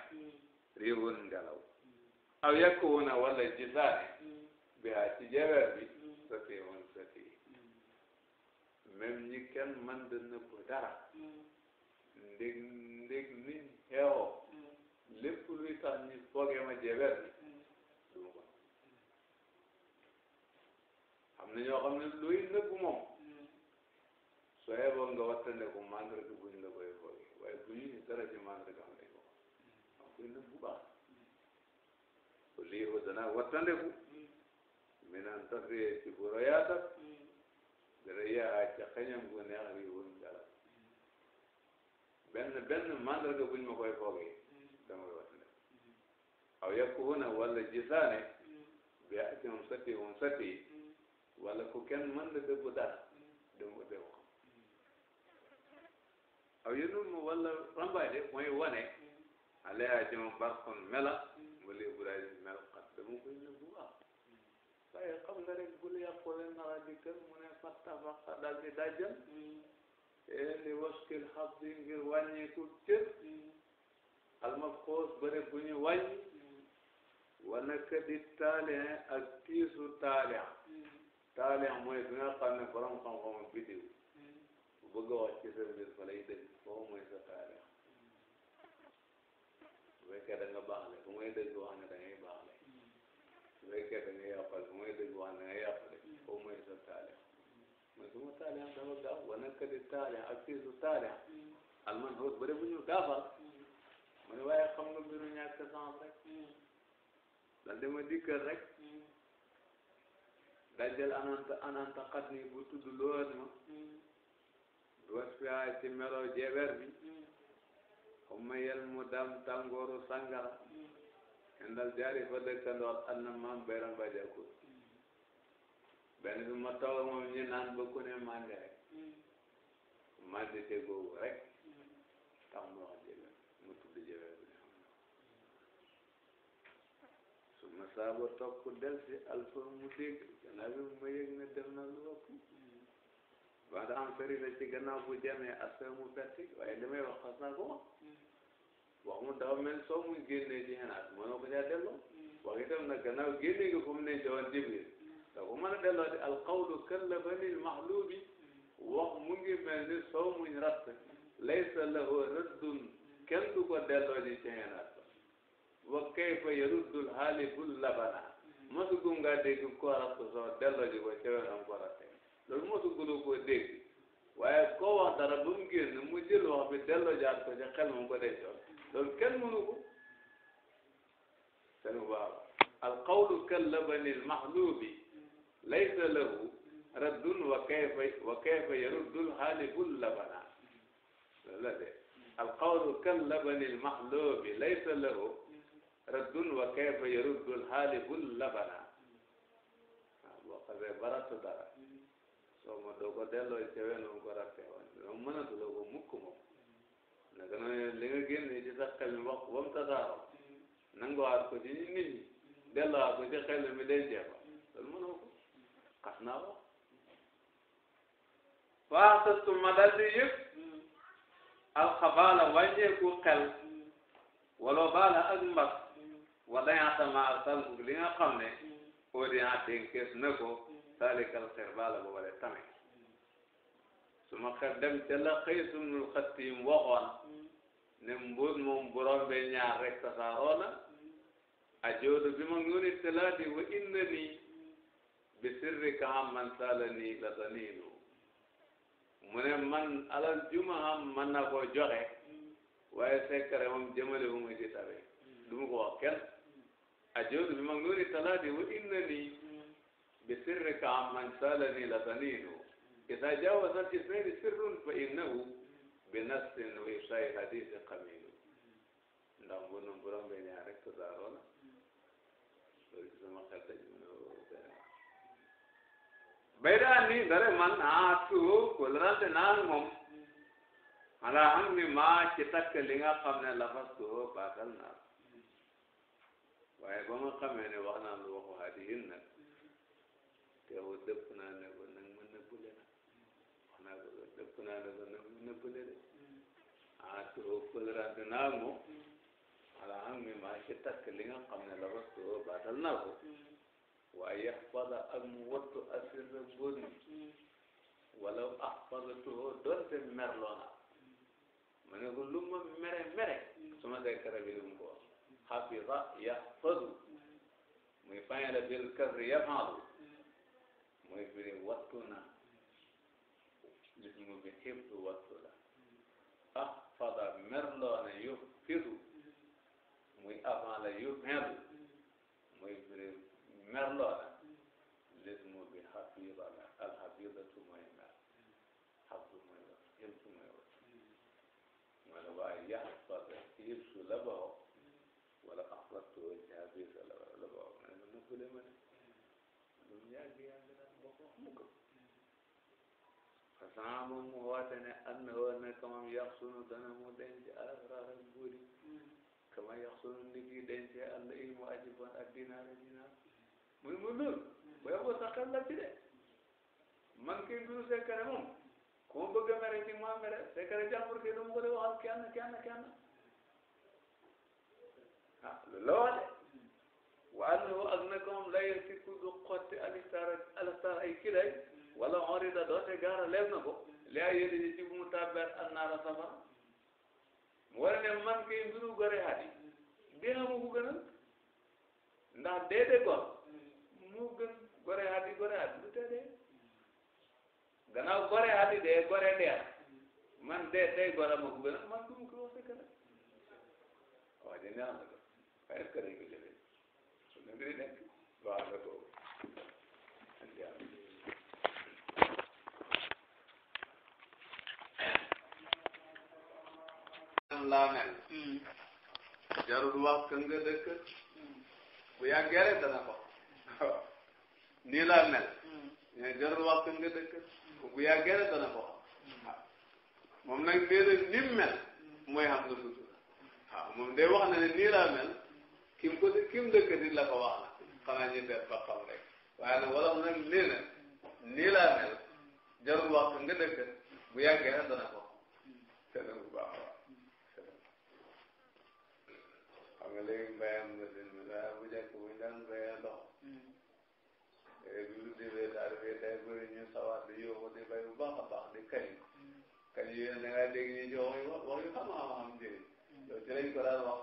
riihun ngelaw aw yakkuwuna walla jisaane bi ha ci jawer bi satiihun satii même ñi kenn mën da nëbb dara ndég ndég niñ xeewoo lépp luy tax ñi foogee ma jawer bi du ma xam na ñoo xam ne luy nëbb moom soo yeboo nga wattandiku màndarga bu ñu la koy foy waaye bu ñu dara ci màndarga am nañ ko am koy nëbb bu baax lii ko danaa wattandiku mi naan tafee ci bu royaata dara yaa ca xañam gu neex bi woon dara benn benn màndarga bu ñu ma koy foogee dama koy wattandiku aw yàkku wuna walla gisaane bi atimum sati um sati walla ku kenn mën la dëggu dara dama ko dëggu aw yanum walla rambaade mooy wane alaya jom barkon mela wala ibrahim mel xat dama koy nëbbu ah waaye xam nga rek bul yàqule nara dikkal mu ne fattafaqa dal di dajjal eh, li waskil xabdi ngir wàññeeku cër almafxoos bare bu ñu wàññi ka di taalin ak tiisu taalin taalin mooy bi nga xam ne borom xam-xamu bidiw bëgg a wax ci sa mbir fa lay dëgg foofu mooy sa taarix su fekkee da nga baaxle fu muy dëgg wax ne da ngay baaxle su fekkee da nga yàppale fu muy dëgg wax ne da ngay yàppale foofu mooy sa su ma alman xoos bëri bu ñu gaafal mu ne waaye xam nga mbiru ñàkk sens rek ananta ananta xat ni bu tudd lool ma was fi ay ci melo jeber bi xumma yel mu dam tàngooru sangara kendal jaari fa dëkkandoor an na maam bayram ba jakut benn bi ma tawa moom ñi naan ba ku ne màndi rek màndi te googu rek tax mu jeber mu tudd jeber bi su ma saaba topp del si mu dégg gannaaw bi ma yëg ne dem na lu wax da am feri na ci gannaaw bu jamee askan mu waaye li may wax xas naa ko wax mu dafa mel soo mu génnee ci xenaat mënoo ko caa delloo wax itam nag gannaaw génne nga fu mu ne jawan jibril da ko mën a delloo di alqawlu kallabanil maxluubi wax mu ngi mel ni soo muñ ratt laysa lahu raddun kenn du ko delloo ji ci xenaat wa kayfa yaruddul xaalibul labana masu gum ngaa dégg ko ratt soo delloo ji ko ca wenam ko ratte loolu mosugulu koo dégg waaye koo wax dara ba mu génn mu jël wax bi delloo jaar ko ca xel mu ko dencoon loolu kenn mënu ko seen baax alqawlu kallabani almahlubi laysa lahu raddun wa kayfa wa kayfa yaruddu alxaalibu labana loolu la de alqawlu kallabani almahlubi laysa lahu raddun wa kayfa yaruddu alxaalibu labana boo xasee baratu dara doo ko delloo ca wenn mu ko rafet woon loolu mënatuloo ko mukk moom naka noonu li nga génne ci sa xel mi wax ba mu tasaaroo nanguwaat ko ci nit ñi delloo ko ci xel mi dencee ko loolu mënoo ko xas naa ko waa sa tuma daldi yëg alxabaala wàññeeku xel wala baala ak mbas wala yaa sama ak salbu li nga xam ne audience dénkees na ko salikal xir baala ba wala tame su ma xel dem ca la Qays ne mbuut moom bu rombee ñaar rek tasaaroo ajoodu bi ma nguni talaati wa inna nii bi sirrika amman saala nii la daniinu mu ne man alal juma am na koo joxe waaye sekkare moom jëmale fu muy di tabe du ma ko wax kenn ajoodu bi ma nguni talaati wa inna nii bi sirrika amman saala nii la daniinu إذا جاوز الاثنين سر فإنه بنص وإفشاء الحديث قبيل ndax mburum borom bi ñaar rek tasaaroo na loolu ci sama xel dañu mën a bayda ni dara man ah tuuti ko lorante naa moom ala am ni maa ci takk li ne lafas tuuti baatal naa waaye ba ma xamee ne wax naa lu waxu hadiyin nag teewul dëpp naa ne ku naa la ba nëbb nëbbale de ah tu pëlëraat naa mo ala am mi maa ci takk li nga xam ne la ba tu baatal naa ko waaye yaxfada ak mu wattu asirra bon wala axfada tu doonte merloo na ma ne ko lu ma mere mere su ma dee kara bi lu mu ko xafida yaxfadu muy fañ la bil kasri yafaalu muy firi wattu naa jismu bi hibdu wattu la ahfada merloone yu fidu muy avant la yu melu muy firi merloone sama moom mu woote ne am na woon ne ka moom yàq sunu dana mu denc asraar ak buuri ka ma yàq muy mu loolu bu yeboo sa man kii mbiru sekkare moom ku ma bëgg a mere ci mu mere sekkare jàmbur kii du ma ko de waxal kenn kenn kenn ah loolu la wax de waa ne ak na ka moom lay si ku du xotti alistaar ay kilay wala on da doonte gaara leef na ko li ay yéene ñi bu mu tàbbeet ak naara safara mu war ne man kay mbiru gore hadi dee ma ko gënal ndax dee de gor mu gën gore hadi gore hadi lu tee dee gannaaw gore hadi dee gore dee man dee tey gora ma ko gënal man dum ko wax kala waaw jënd yaa ngi ko waaye est-ce que dañ ko jëlee su nekk waaw noonu laa mel mm. jarul wax nga dëkk mm. bu yàggee rek dana ko nii laa mel mm. mais jarul nga dëkk bu yàggee rek dana ko ah. moom nag nee na ni mu mel mooy xam nga sutura waaw ah, moom wax ne nii laa mel kim ko kim dëkkati la ko wax na xanaa ñu ba xam waaye nag wala nag nee na nii laa mel jarul wax nga dëkk bu yàggee rek dana ko te nag bu baax nga léegi mbayam machine bi la bu njëkk bu ñu daan bayee ndox léegi lu dibee daal bi day bëri ñu sawar di yóbbu di bay bu baax a baax di kañ kañ yooyu da ngaa dégg ñu jox wax yu xam am njëriñ yow ci lañ ko daan wax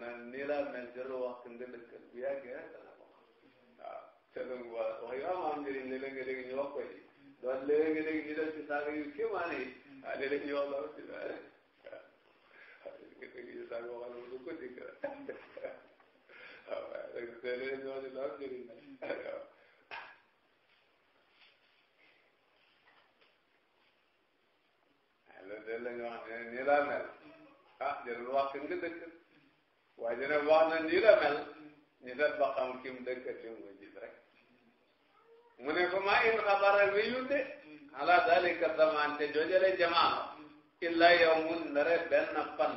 naan nii laa mel jëlu wax nga dëkk bu yàggee rek dana ko waaw te donc wax yu xam am njëriñ léeg-léeg nga dégg ñu wax ko ci donc léeg-léeg nga dégg ñu def ci saaga yu kéemaane yi léeg-léeg ñu wax loolu mu ne ko maa in xabara riyul de ala dalika zaman te jojale jamaano illa yawmun lare benn fan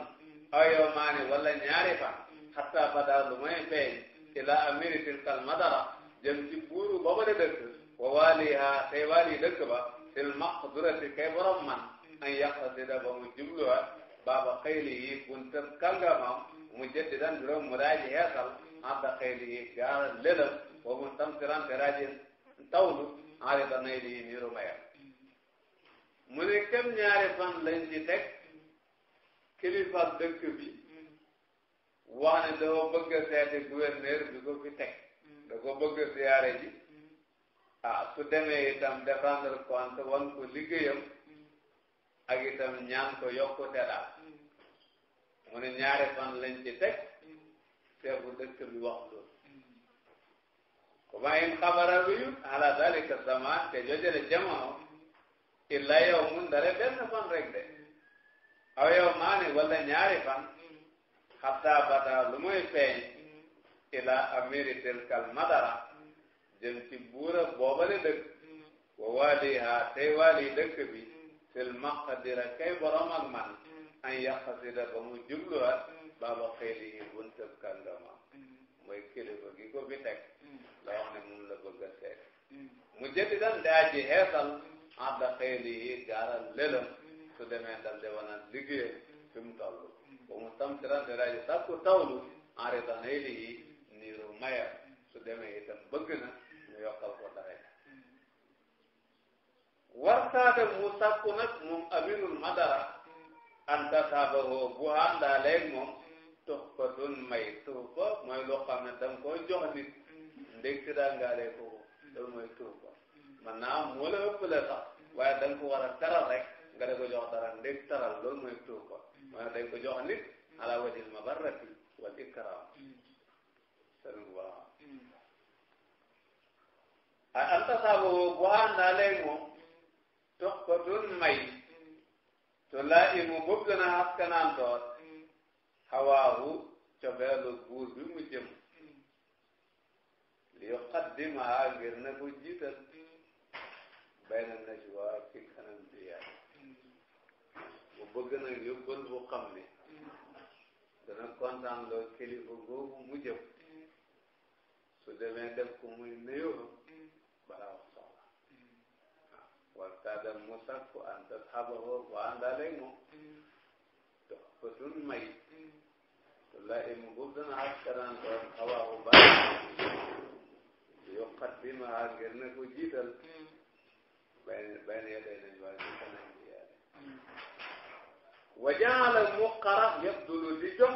aw yawmaani wala ñaari fan xatta bada lu may feeñ ila amiri tilkal madara jëm ci buuru ba bale dëkk wa waaliha tey waali dëkk ba fil maqdurati kay borom man an yaqsida ba mu jubluwa baaba xayli yi buntab kàngamam mu jaddidan duram mu daaji heesal adda xayli yi gaara lelam wa mu tamsiran te raaji tawlu aarida nayli yi niiru mayam mu ne kem ñaari fan lañ ci teg kilifa dëkk bi wax ne dafa bëgg a bi ko fi teg mm. da ko bëgg a siyaare ji mm. ah su demee itam défendre compte wan ko liggéeyam mm. ak itam ñaan ko yokkute daal mu ne ñaari fan lañ ci teg seefu dëkk bi wax loolu ko ma xabara bi yu ala dalika zaman te jojale jamono illa yow mun dale fan rek de aw yow maani wala ñaari fan xataa bata lu feeñ ila amiri tilkal madara jëm buura boobale dëkk wa waaliha tey waali dëkk bi fil maqdira kay borom man an yaqasida ba mu jubluwaat baaba xëyli yi buntab kàngama mooy kilifa gi ko bi teg la wax ne moom la bëgg a seet mu jëti dan daa ji xeesal xadda xëyli yi gaaral lelam su demee dal de wanaan liggéeyam fi mu toll ba mu tamtiran de rajo tawlu enritan xëyli yi niiru mayam su demee itam bëgg na ñu yokkal ko dara wartaade mu sàkku nag moom aminul madara anta taabahoo bu àndaa leeg moom tux fa dun may jox nit ndég si daa ngaalee ko loolu mooy tux fa man naa moo la ëppale sax waaye da nga ko war a rek nga da jox dara ndég taral loolu mooy tuur ko maanaam jox nit ala wajil mabarrati wal ikram sëriñ bu baax ay altasaabu bu àndaa léegi moom tox ko tun may to laa imu bëgg na askanantoor xawaahu cobeelu buur bi mu jëm li yuqaddimaha ngir na ko bay na najwa ci kanam bi yàlla mu bëgg nag yóbbal bu xam ne dana kontaan loo kilifa googu mu jëm su demee def ko muy nuyoo balaa wax soxla wartaadal mu sàkku an tas xabaro wa àndaale moom dox ba dun may to la imu boobu dana askanaan doon xawaabu baax yokkat bi ma ngir ne ko jiital bayna yaday najwa ci kanam bi yàlla wa jaala mu xarab yabdulu di jox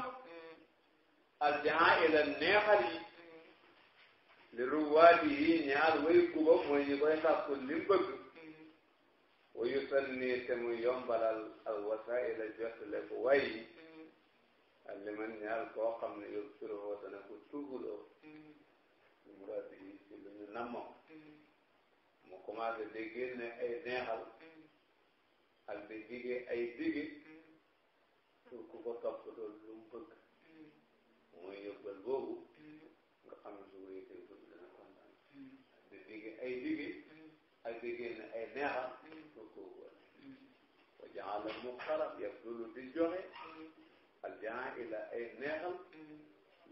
aljahaila neexal yi li ruwaadi yi ñaar way kuba mooy ñi koy sàkku li bëgg wa yusanni te mu yombalal al wasaila jottale ko way yi ak li man ñaar koo xam ne yóbbu suroo dana ko tugguloo li muraadi yi ci lu ñu namoo mu commencé di génne ay neexal ak di ay dige pour ku ko mu bëgg mooy yóbbal boobu nga xam ne su ko yëgee bëgg dana kontaan ay dige ak di génne ay neexal pour ku ko wa jaala mu xarab di joxe al jaa ila ay neexal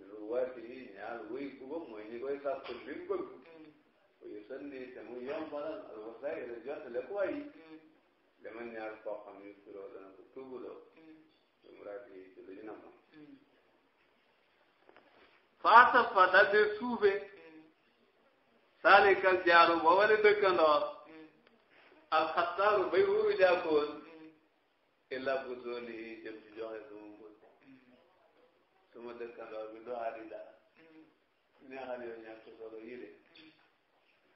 lu waati yi ñaar wéy bu ko mooy ñi koy sàkk li mu yu o te mu yombalal alwasaila jottale ko ay li ma ñaar koo xam ne kuroo dana ko tugguloo lu mu raat yi ci lu ñu namm faasa fa dal de suufe saalikal jaaru ba wala dëkkandoor alxattaaru bay wóoru jaakoon illa bu zooli yi jëm ci joxe sama mbul sama dëkkandoor bi doo aadi daal neexal yow ñàkk solo yi de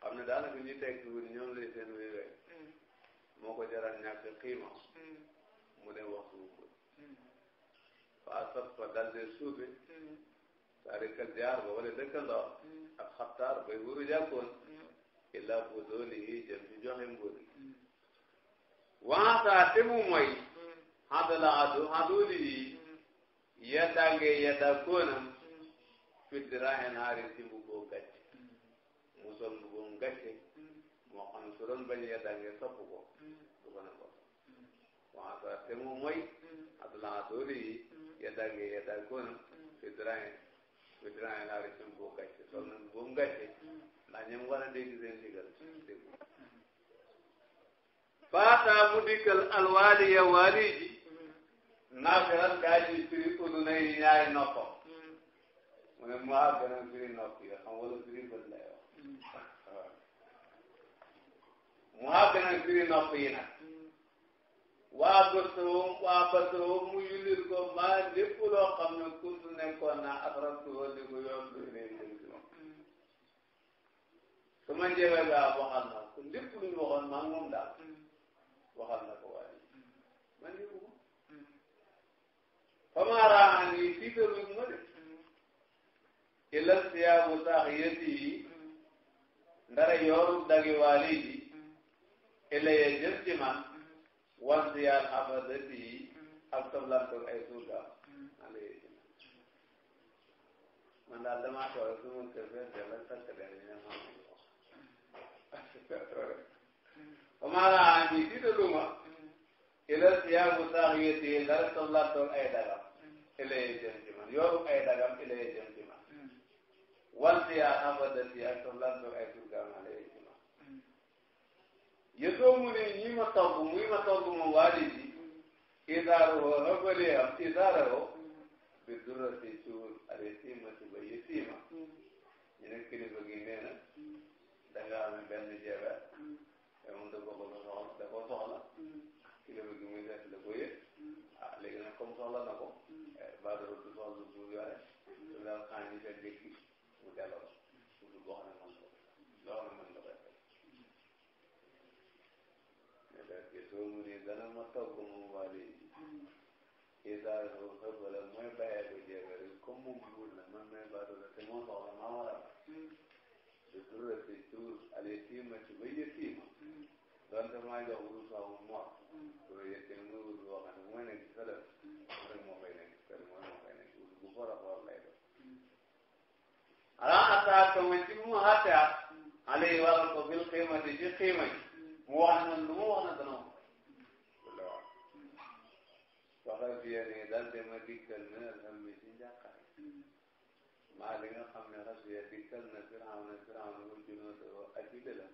xam ne daanaka ñi teg ci biir ñoom lay seen wéy mm. moo ko jaral ñàkk xiima mm. mu ne wax suuf ko mm. fa sab fa dal de suufe tarikal jaar ba wala dëkkandoo ak xabtaar bay wuru jàkkoon illa bu dooli yi jëm ci joxe nguur gi wansaa te mu mooy xandala adu xanduli yi yeddaange yeddaa koonam fit dirahen haari ci mbu gàcce moo xam su doon bañ a dange ko du ko nangoo waaw sa te mu mooy adlan doole yi ya dange ya dangoona fi drange fi drange laa rek ñoom boo gàcce sol na boobu gàcce ndax ñoom war a dégg seen digal dégg faataa mu ya waali ji naafiran kaa ji firi na yi ñaari noppam mu ne mu àgg na firi wala firi bët lay wax mu àgg nag firi nopp yi waa bësoom waa bësoom mu yulir ko maa lépp loo xam ne kuntu nekkoon naa ak rabtuwoo di ko yoon luy ne jëm ci moom su ma njëwee gaa waxal na ko lépp lu ñu waxoon maa moom daal waxal na ko waaye man yëgu ma famaa raaxaan yi tiitaluñ ma de ilal siyaabu sax yëti yi ndara yooru dagi waali ji ilayya jëm ci man wasdiyaan abadati ak soblantoog ay surgaam alayya ci man man daal damaa toog su ma kër fee la takk der ñu ne maa ngi ko ba maa la aan yi tiitaluma ila siyaabu saaxiyati dara soblantoog ay dagam ilayya jëm ci man yooru ay dagam ilayya jëm ci man wasdiyaan abadati ak soblantoog ay surgaam alayya yësoo mu ne ñi ma togg muy ma togg moom waali ji isaaroo xëbalee am isaaroo bi dura si suur al yasima si ba yasima ñu ne kilifa gi nee na da nga am benn jeexal te moom da ko soxla da ko soxla kilifa gi muy def la ko yëg ah léegi nag comme soxla na ko e, baadoro du soxla du yore su la xaan yi sa jëkki mu delloo su du boo xam ne man ko loo xam ne man ko mu ne dana ma togg moom waale ji isaar soo xëbala mooy bàyyee ko jeegari comme moom buur la man may baatula te moom soxla maa waral di turati cuur ale tiima ci ba yëtiima donte maa jox wuru soo mor pour yëtim muy wuru boo xam ne mooy nekk ci sëlëf rek moo koy nekk kër mooy moo koy nekk wuru bu xool a xool lay doon ala ataaka ma ci mu xataa ale waral ko bil xiima di ci xiima ji mu wax na lu mu wax na dana waxal bi yéen yi daal di ma dikkal min alhammi ci njàqare maa li nga xam ne xas ya dikkal na firaw na firaw na wut junoo doo ak i dëlam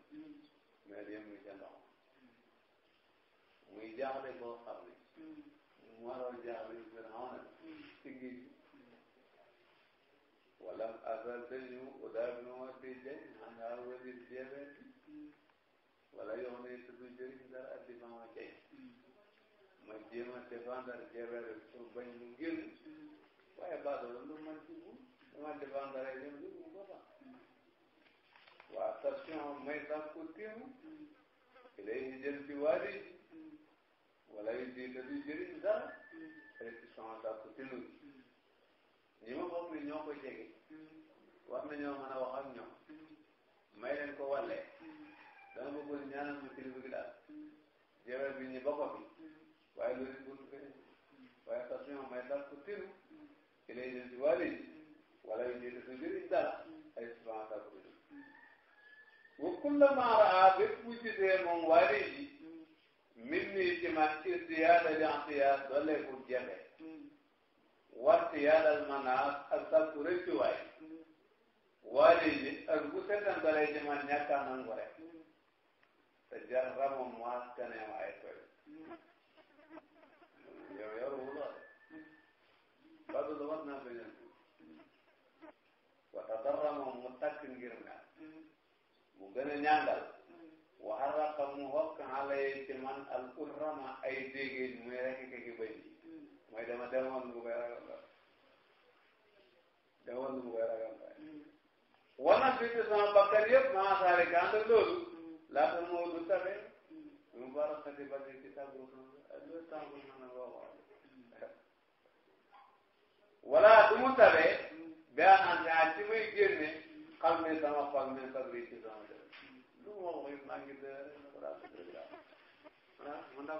mais yem mi ca ndox muy jaaxle boo xam ne mu waroo jaaxle firaw na ci géej wala asal dañu udaab nu ma di jañ xanaa wali jeebet wala yox ne tudd jëriñ dara di ma ma jañ ma jéem a défendre jebeere pour bañ mu génn waaye baadoolo lu man ci bu dama défendre ay ñoom li mu boppam waa station may sàkku tiimu ilayhi jël ci waadi wala yu diita di jëriñ dara rétition sàkku tinu ñi ma bokk ni ñoo ko jege war nañoo mën a wax ak ñoom may leen ko wallee dama bëggoon ñaanal ma kilifa gi daal jebeer bi ñi bokk bi waaye lu leen buntu waaye fas ñoo may dal ko tiru ci lay jëm ci wàll yi wala yu ñuy def njëriñ dal ay souvent dal ko jëm wa kulla maa raa bépp bu gisee moom wàll yi min nii ci man irtiyaada li antiyaad dooleeku jebe warte yaadal manaat ak sàkku rëccuwaay wàll yi ak bu seetan dalee ci man ñàkk a nangu rek te jar ramo mu askanee ay baatu lu mat naa feeñal wata dara moom mu takk ngir mu gën a ñàngal waxarraqa mu hokk xale ci man al urrama ay déggéen muy rekk ke ki bañ yi mooy dama demoon lu koy ragal la demoon lu koy ragal la wana fi ci sama bakkan yëpp maa saari kànd loolu laata moo du tabe mu baraka di bakkan ci tàggu xam loolu tàggu xam na boo wala du mu tabee ba an yaa ci muy génne xam ne sama xol mi sabri ci sama def lu ma wax maa ngi de man daal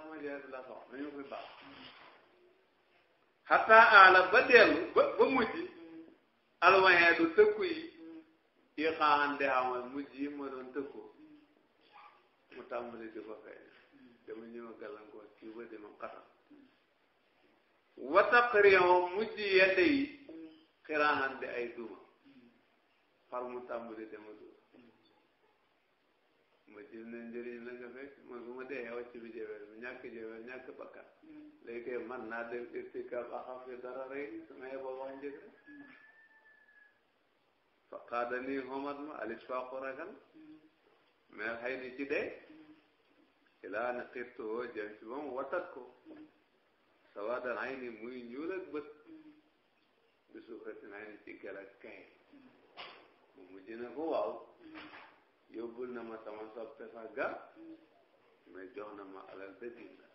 mooy jëlee la sox dañu koy baax xataa aala ba dellu ba ba mujj alwaxee du tëkku yi yi xaaxaan de xamal mujj yi ma doon tëkku mu tàmbali di ko feeñ dama ñëw a gàllankoor kii ba di ma xatal wa taqriyon mujj yedde yi xiraan di ay duma par mu tàmbali dama duma ma jël ne njëriñ la nga fekk man bu ma dee wàcc bi jëwel bu ñàkk jëwel ñàkk bakkan léegi kay man naa dem istikab axaf fi dara rek ma yeboo wax njëkk fa qaada ma alisfaaqu ragal mais xëy ni ci dee ilaa ne xirtuwoo jëm ci moom watat ko sawaadal ay ni muy ñuul ak bët bi sufratin ay ni ci galak kay mu mujj na ko waaw yóbbul na ma sama soppe sa gar mais jox na ma alal te dinga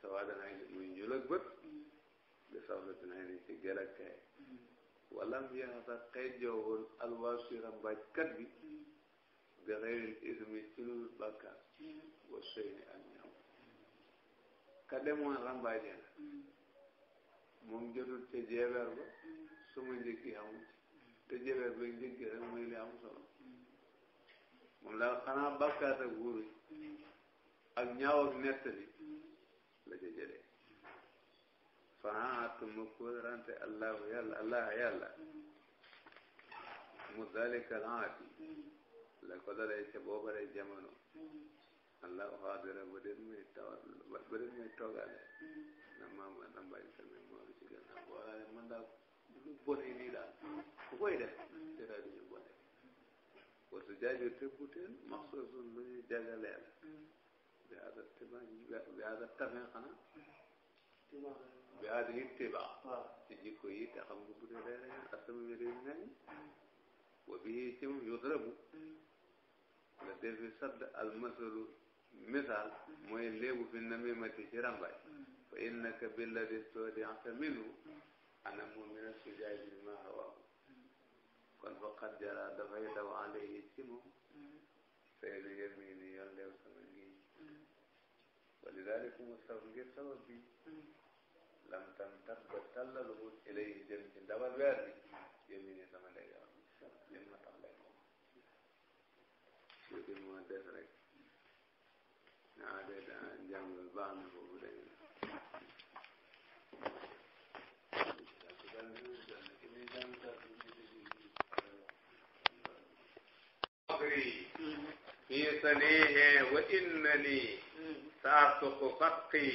sawaadal ay ni muy ñuul ak bët bi sufratin ay ni ci galak kay walam yaa sax kay joowoon alwaasira mbaajkat bi bi xëyrin ismi ci lu bakkaar wa sëy ni ak ka demoon rambaaje la mm. moom jotul ca jeebeer ba suma njëkk yi amul te jeebeer ba njëkk rek mooy li am solo mm. moom la xanaa bàkkaat ak wuuru mm. ak ñaaw ak nettali la ca jëlee fanaa tuma kóolante allahu yàlla allah yàlla mu dalika laati la ko dalee ca boobare jamono allah xaadira ba den muy tawat ba den muy toogale mm-hmm. na maam na mbañ tamit moo ci gën a boolale man daal lu bon yi nii daal mm-hmm. ku koy def mm-hmm. te daal duñu bone wasu jaaju te butéel maxsuusun lu ñu jagaleel bi aada tiba bi aada tame xanaa bi aada yi tiba ci jikko yi te xam nga butéel day rey asama mi day ngañ wa bi ci moom yudrabu nga defi sadd almasalu misaal mooy léebu fi namimati ci rambaj fa innaka billadi stodianta minhu ana mumina sujaay bi ma hawahu kon faqat jara dafay daw alayhi ci moom say nu yemini yoon leew sama ngiñ walidalikum saf ngir sabab bi lam tam tab ba tallalu wut ilayhi jëm ci ndabal weer bi yemini sama ndeyjoor li ma tax lay moom su di moo des rek ah déedéet njàngal baax na boobu dañ في سنيه وإنني سأرتق فقي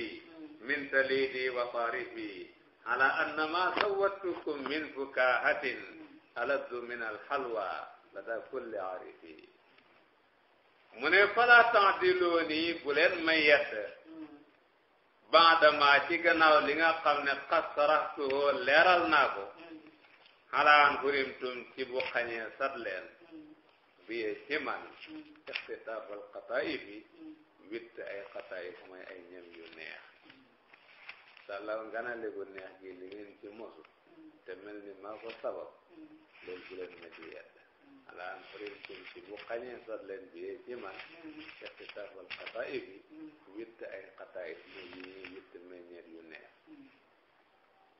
من تليدي وطارفي على أن ما سوتكم من فكاهة ألذ من الحلوى لدى كل عارفي mu ne fala ta'diloo nii bu leen may yedd baadama ci gannaaw li nga xam ne xas saraxtuhoo leeral naa ko xalaan hurimtum ci bu xañee sat leen biye ci man ixtitaafal xataayif witt ay xataayif mooy ay ñam yu neex sàllaw nganale bu neex gi li ci mosu te mel ni maa ko sabab loolu bu leen ma ci yedd alaan prin kunti bu xañee sot leen bi ci man ixtisafal xataay bi witt ay xataay mu yu neex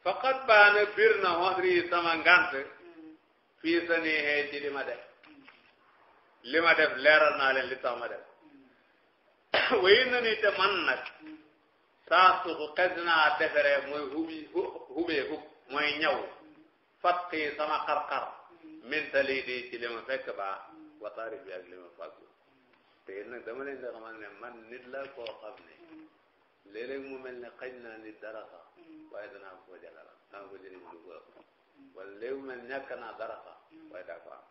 faqat baana bir na xosri sama ngant fii sa li ma def li ma def leeral naa leen li tax ma def wayi na ni te man nag saa naa deferee mooy hubi hubee mooy ñaw fat sama xar min tali di ci li ma fekk baax wataari bi ak li ma fàggu te nag dama leen di xamal ne man nit laa koo xam ne léeg mu mel ne xañ naa nit dara sax waaye danaa ko jagala danaa ko jëriñ lu ko wala léegi mu mel naa dara sax waaye daa ko am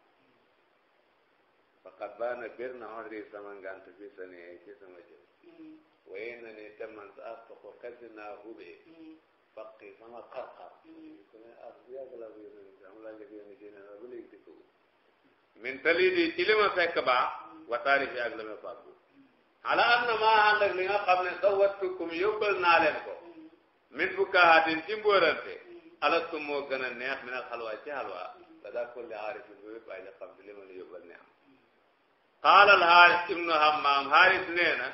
faqat baana bir na xodri sama ngant fi sa nee ci sama jëf mm. waaye na ni te man ko kasi naa mm. faqi sama xar-xar ku ne ah bu yàgg laa ko yónnee si la ba léegi dëkk bu min talidi ci li ma fekk baax wa taarifi ak la ma ala am na maa li nga xam ne dawattukum yóbbal naa leen ko min bukaatin min al xalwa ci xalwa da daa kulli aarifin ba bépp aji xam li ma la yóbbal neex qaala al haaris ibnu hammaam haaris nee na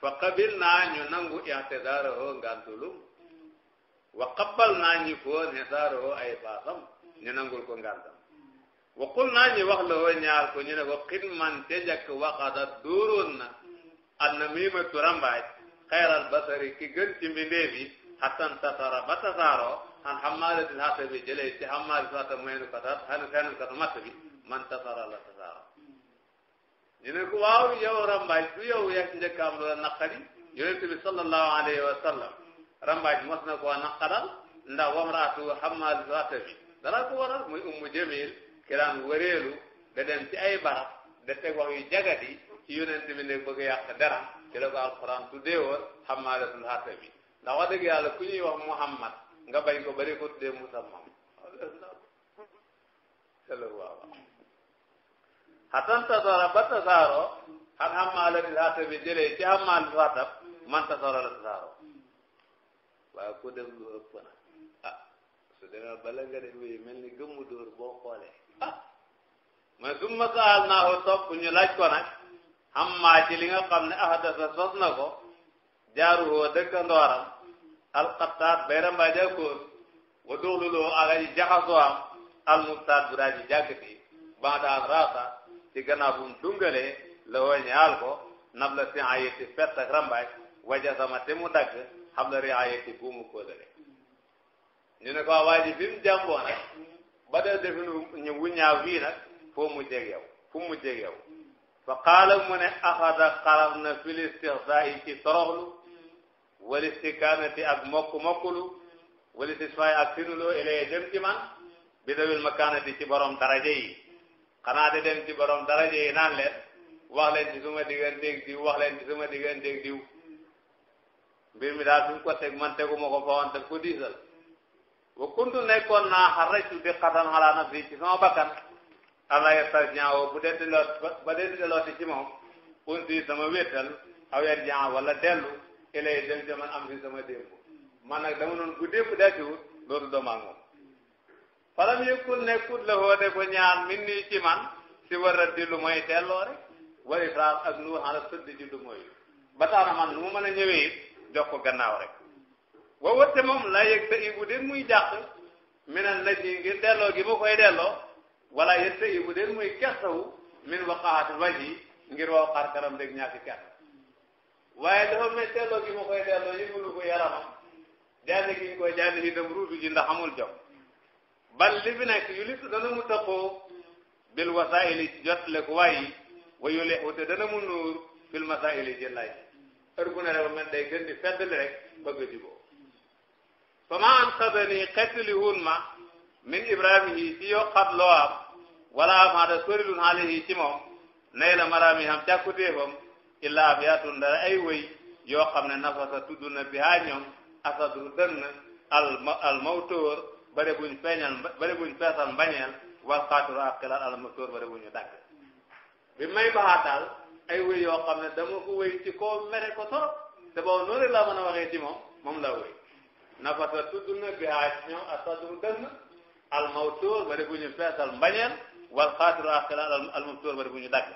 fa qabil naa ñu nangu ixtidaarahoo wa qabbal naa ñi foon xisaaroho ay faasam ñu nangul ko ngàndam wa qul naa ñi wax loo ñaar ko ñu ne ko xidman ca jakk waxata dóoroon na an na miima turambaaj xayral basari ki gën ci mbindeef yi xattan tasara ba tasaaroo xan xammaalatil xatta bi jëlee ci xammaalatil xatta maynu katat xanu xenu kat matt man tasara la tasaaroo ñu ne ko waaw yow rambaaj du yow yak njëkkaam lu la naqari yonente bi sallallahu alayhi wa rambaaj mos na koo naqaral ndax wamraatu xammaal ratami dara ko waral muy ummu jamil ki da dem ci ay barab da teg wax yu jagati ci yonent bi ne bëgg yàq dara ci la ko alquran tuddee woon xammaalatul ratami ndax wax dëgg yàlla ku ñuy wax muhammad nga bañ ko bari ko musammam xatan tasaara ba tasaaro xan xammaalatul ratami jëlee ci xammaalatul ratab man tasaaro la tasaaro waa ko def lu ëpp na ah su demee bala nga def yi mel ni gëmmu dóor boo xoolee ah mais su ma saal naa ko topp ñu laaj ko nag xam maa ci li nga xam ne ahadasa sos na ko jaaru hoo dëkka ndooram alxattaat bayra mbaaja kóor wa duxluloo ala ji jaxasoo am almustaat bu daa ji jàggati bantaan raasa ci gannaaw bu la woo ñaal ko nab la si ayiti fett ak rambaaj waja sama te mu xam la riayati buumu kóolare ñu ne ko waa ji fi mu jàmboo nag ba dee defi ñu mu jeg yow fu mu jeg yow fa qaala mu ne axada xaraf na fil istixzaa'i ci toroxlu wal istikaanati ak mokku mokkulu wal istisfaay ak sinuloo ilay dem ci man bi dawil makaanati ci borom daraja yi xanaa de dem ci borom daraja yi naan leen wax leen ci suma digganteeg diw wax leen ci suma digganteeg diw mbir mi daal suñ ko teg man tegu ma ko fa woon daf diisal wa nekkoon naa xarajtu di xasan xalaa na fii ci sama bakkan allah yastarjian wala dellu ilay dem jaman am si sama démb man nag dama noonu bu démb daa ci wut loolu doom ak moom falam yëkkul nekkut la hoode ko ñaan min nii ci man si war a di lu mooy delloo rek wa ifraat ak nuuxan a sëdd ci du mooy ba tax man nu mu mën a jox ko gannaaw rek woowa te moom laa yëg sa ibu den muy jàq minal la ji ngir delloo gi mu koy delloo wala yëg sa ibu den muy kertawu min waqaat waji ngir waaw xar kanam dégg ñàkk kert waaye dafa mel delloo gi mu koy delloo yëgulu ko yaramam jaani gi ñu koy jaani yi ruutu ji ndax amul jom bal li fi nekk yu litu dana mu tëqoo bil wasaili jot le ko waayi wa yu leexu te dana mu nuur fil masaili jëllaay heure bu ne rek man day gën di feddali rek bëgg a fa ma an xadanii hun ma min ibrahima ci yoo xat loo am wala am hada sorilun haali ci moom nay la maraami am càkkutéefam illa ab yaatun dara ay wëy yoo xam ne nafasa tudd na bi haa ñoom asadu dënn al al mawtóor bare buñ feeñal bare mbañeel wal xaatur ak xilal al mawtóor bare buñu dagg bi may baxaataal ay wéy yoo xam ne dama ko wéy ci koo mere ko torop te boobu noonu laa mën a waxee ci moom moom laa wéy nafata tudd na bi aa ci ñoom asadru dënn almawtuur bari bu ñu feesal mbañeel wal xaatiru aqilaal almawtuur bari bu ñu dagg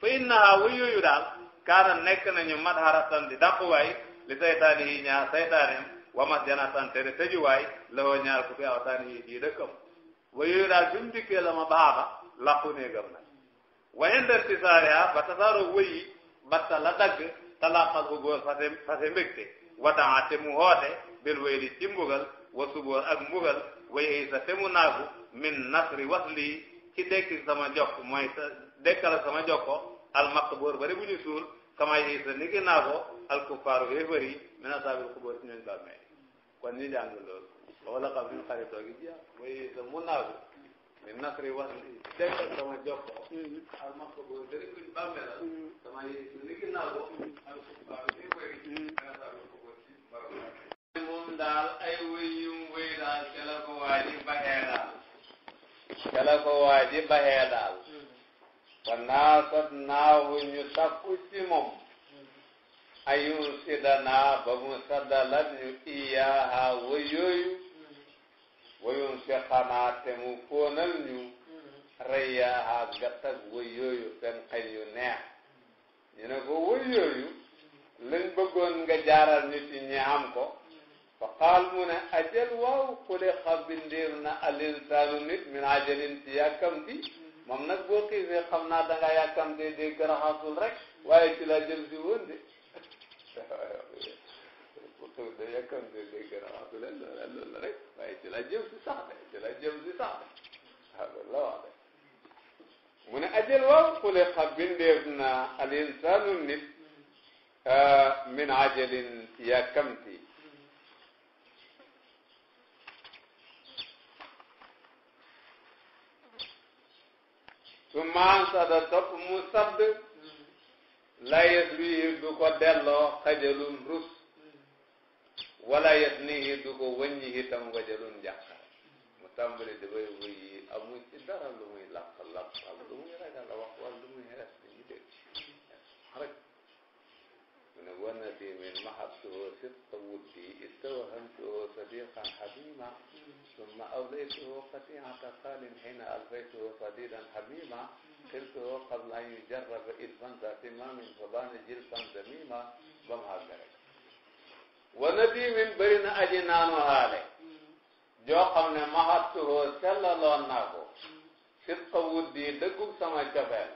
fa innaha wéy yooyu daal kaana nekk nañu madharatan di dàquwaay li saytaani yi ñaar saytaaneem wa masjanatan tere tëjuwaay la woo ñaar ku fi awtaani yi ci dëkkam wéy yooyu daal bi mu dikkee la ma baaxa làqu néegam na wayen der ci saariha ba tasaaroo wëyi batta la dagg talaqa gu góor fase fase mbégte wadaa te mu hoote bil wayli ci mbugal wa subóor ak mbugal wayeyi te mu min nasri wasli ci dekki sama jokk mooy sa sama jokko al maqbuur bari bu ñu suul kama yeyi ni ki al kuffaaru héefar yi min asaabil xubóor ci ñooñ bàmmee kon ñu jàng wala xam suñu xaritoo gi jeex wayeyi sa mu Mm. li nasri wax li dégg sama jokkoo al ma mm. ko góor dëri kuñ bàmmeela sama yi ni gi naago al kubaa ni koy dana saabu ko góor ci barab moom daal ay wëy yum wëy daal ca la ko waa ji baxee daal ca la ko waa ji baxee daal mm. wa naasat naahu ñu sakku ci moom ayun sidanaa ba mu saddalat ñu iyaaha wëy yooyu wayoon si xanaa te mu fóonal ñu mm-hmm. reyaaha gattag way yooyu seen xëy yu neex ñu ne ko way yooyu bëggoon nga jaaral nit ñi am ko fa qaal mu ne ajal waaw ku de xam na al insaanu nit min ajalin ci yàkkamti mm-hmm. moom nag boo xiisee xam naa da nga yàkkamtee dégg raxasul rek waaye ci la jëm si woon de toog de yàkkam nga dégg na wax dëgg la loolu la rek waaye ci la jëm si sax de ci la jëm si sax de waaw loolu la wax de mu ne ajal waaw xule xam bindeef na al insaanu nit min ajalin yàkkamti su maan sada topp mu sadd layes wi du ko delloo xajalum rus wala yas nii du ko wëññi itam nga jëloon njàqare mu tàmbali di bay wëy yi amul ci dara lu muy làq làq am lu muy ragal a wax wala lu muy xees bi ñu dégg rek mu ne war na di min mahabtuhu sidqa wuddi istawhamtuhu sadiqan habima summa awlaytuhu qati'ata qalin hina alfaytuhu sadidan habima qiltuhu qabla an yujarraba ilfan zatimaamin fa baana jilfan damima ba mu àgg rek wana bii min bëri na aji naanu haale joo xam ne mahattuhoo sellaloon naa ko sitqa wuddi dëggug sama cofeel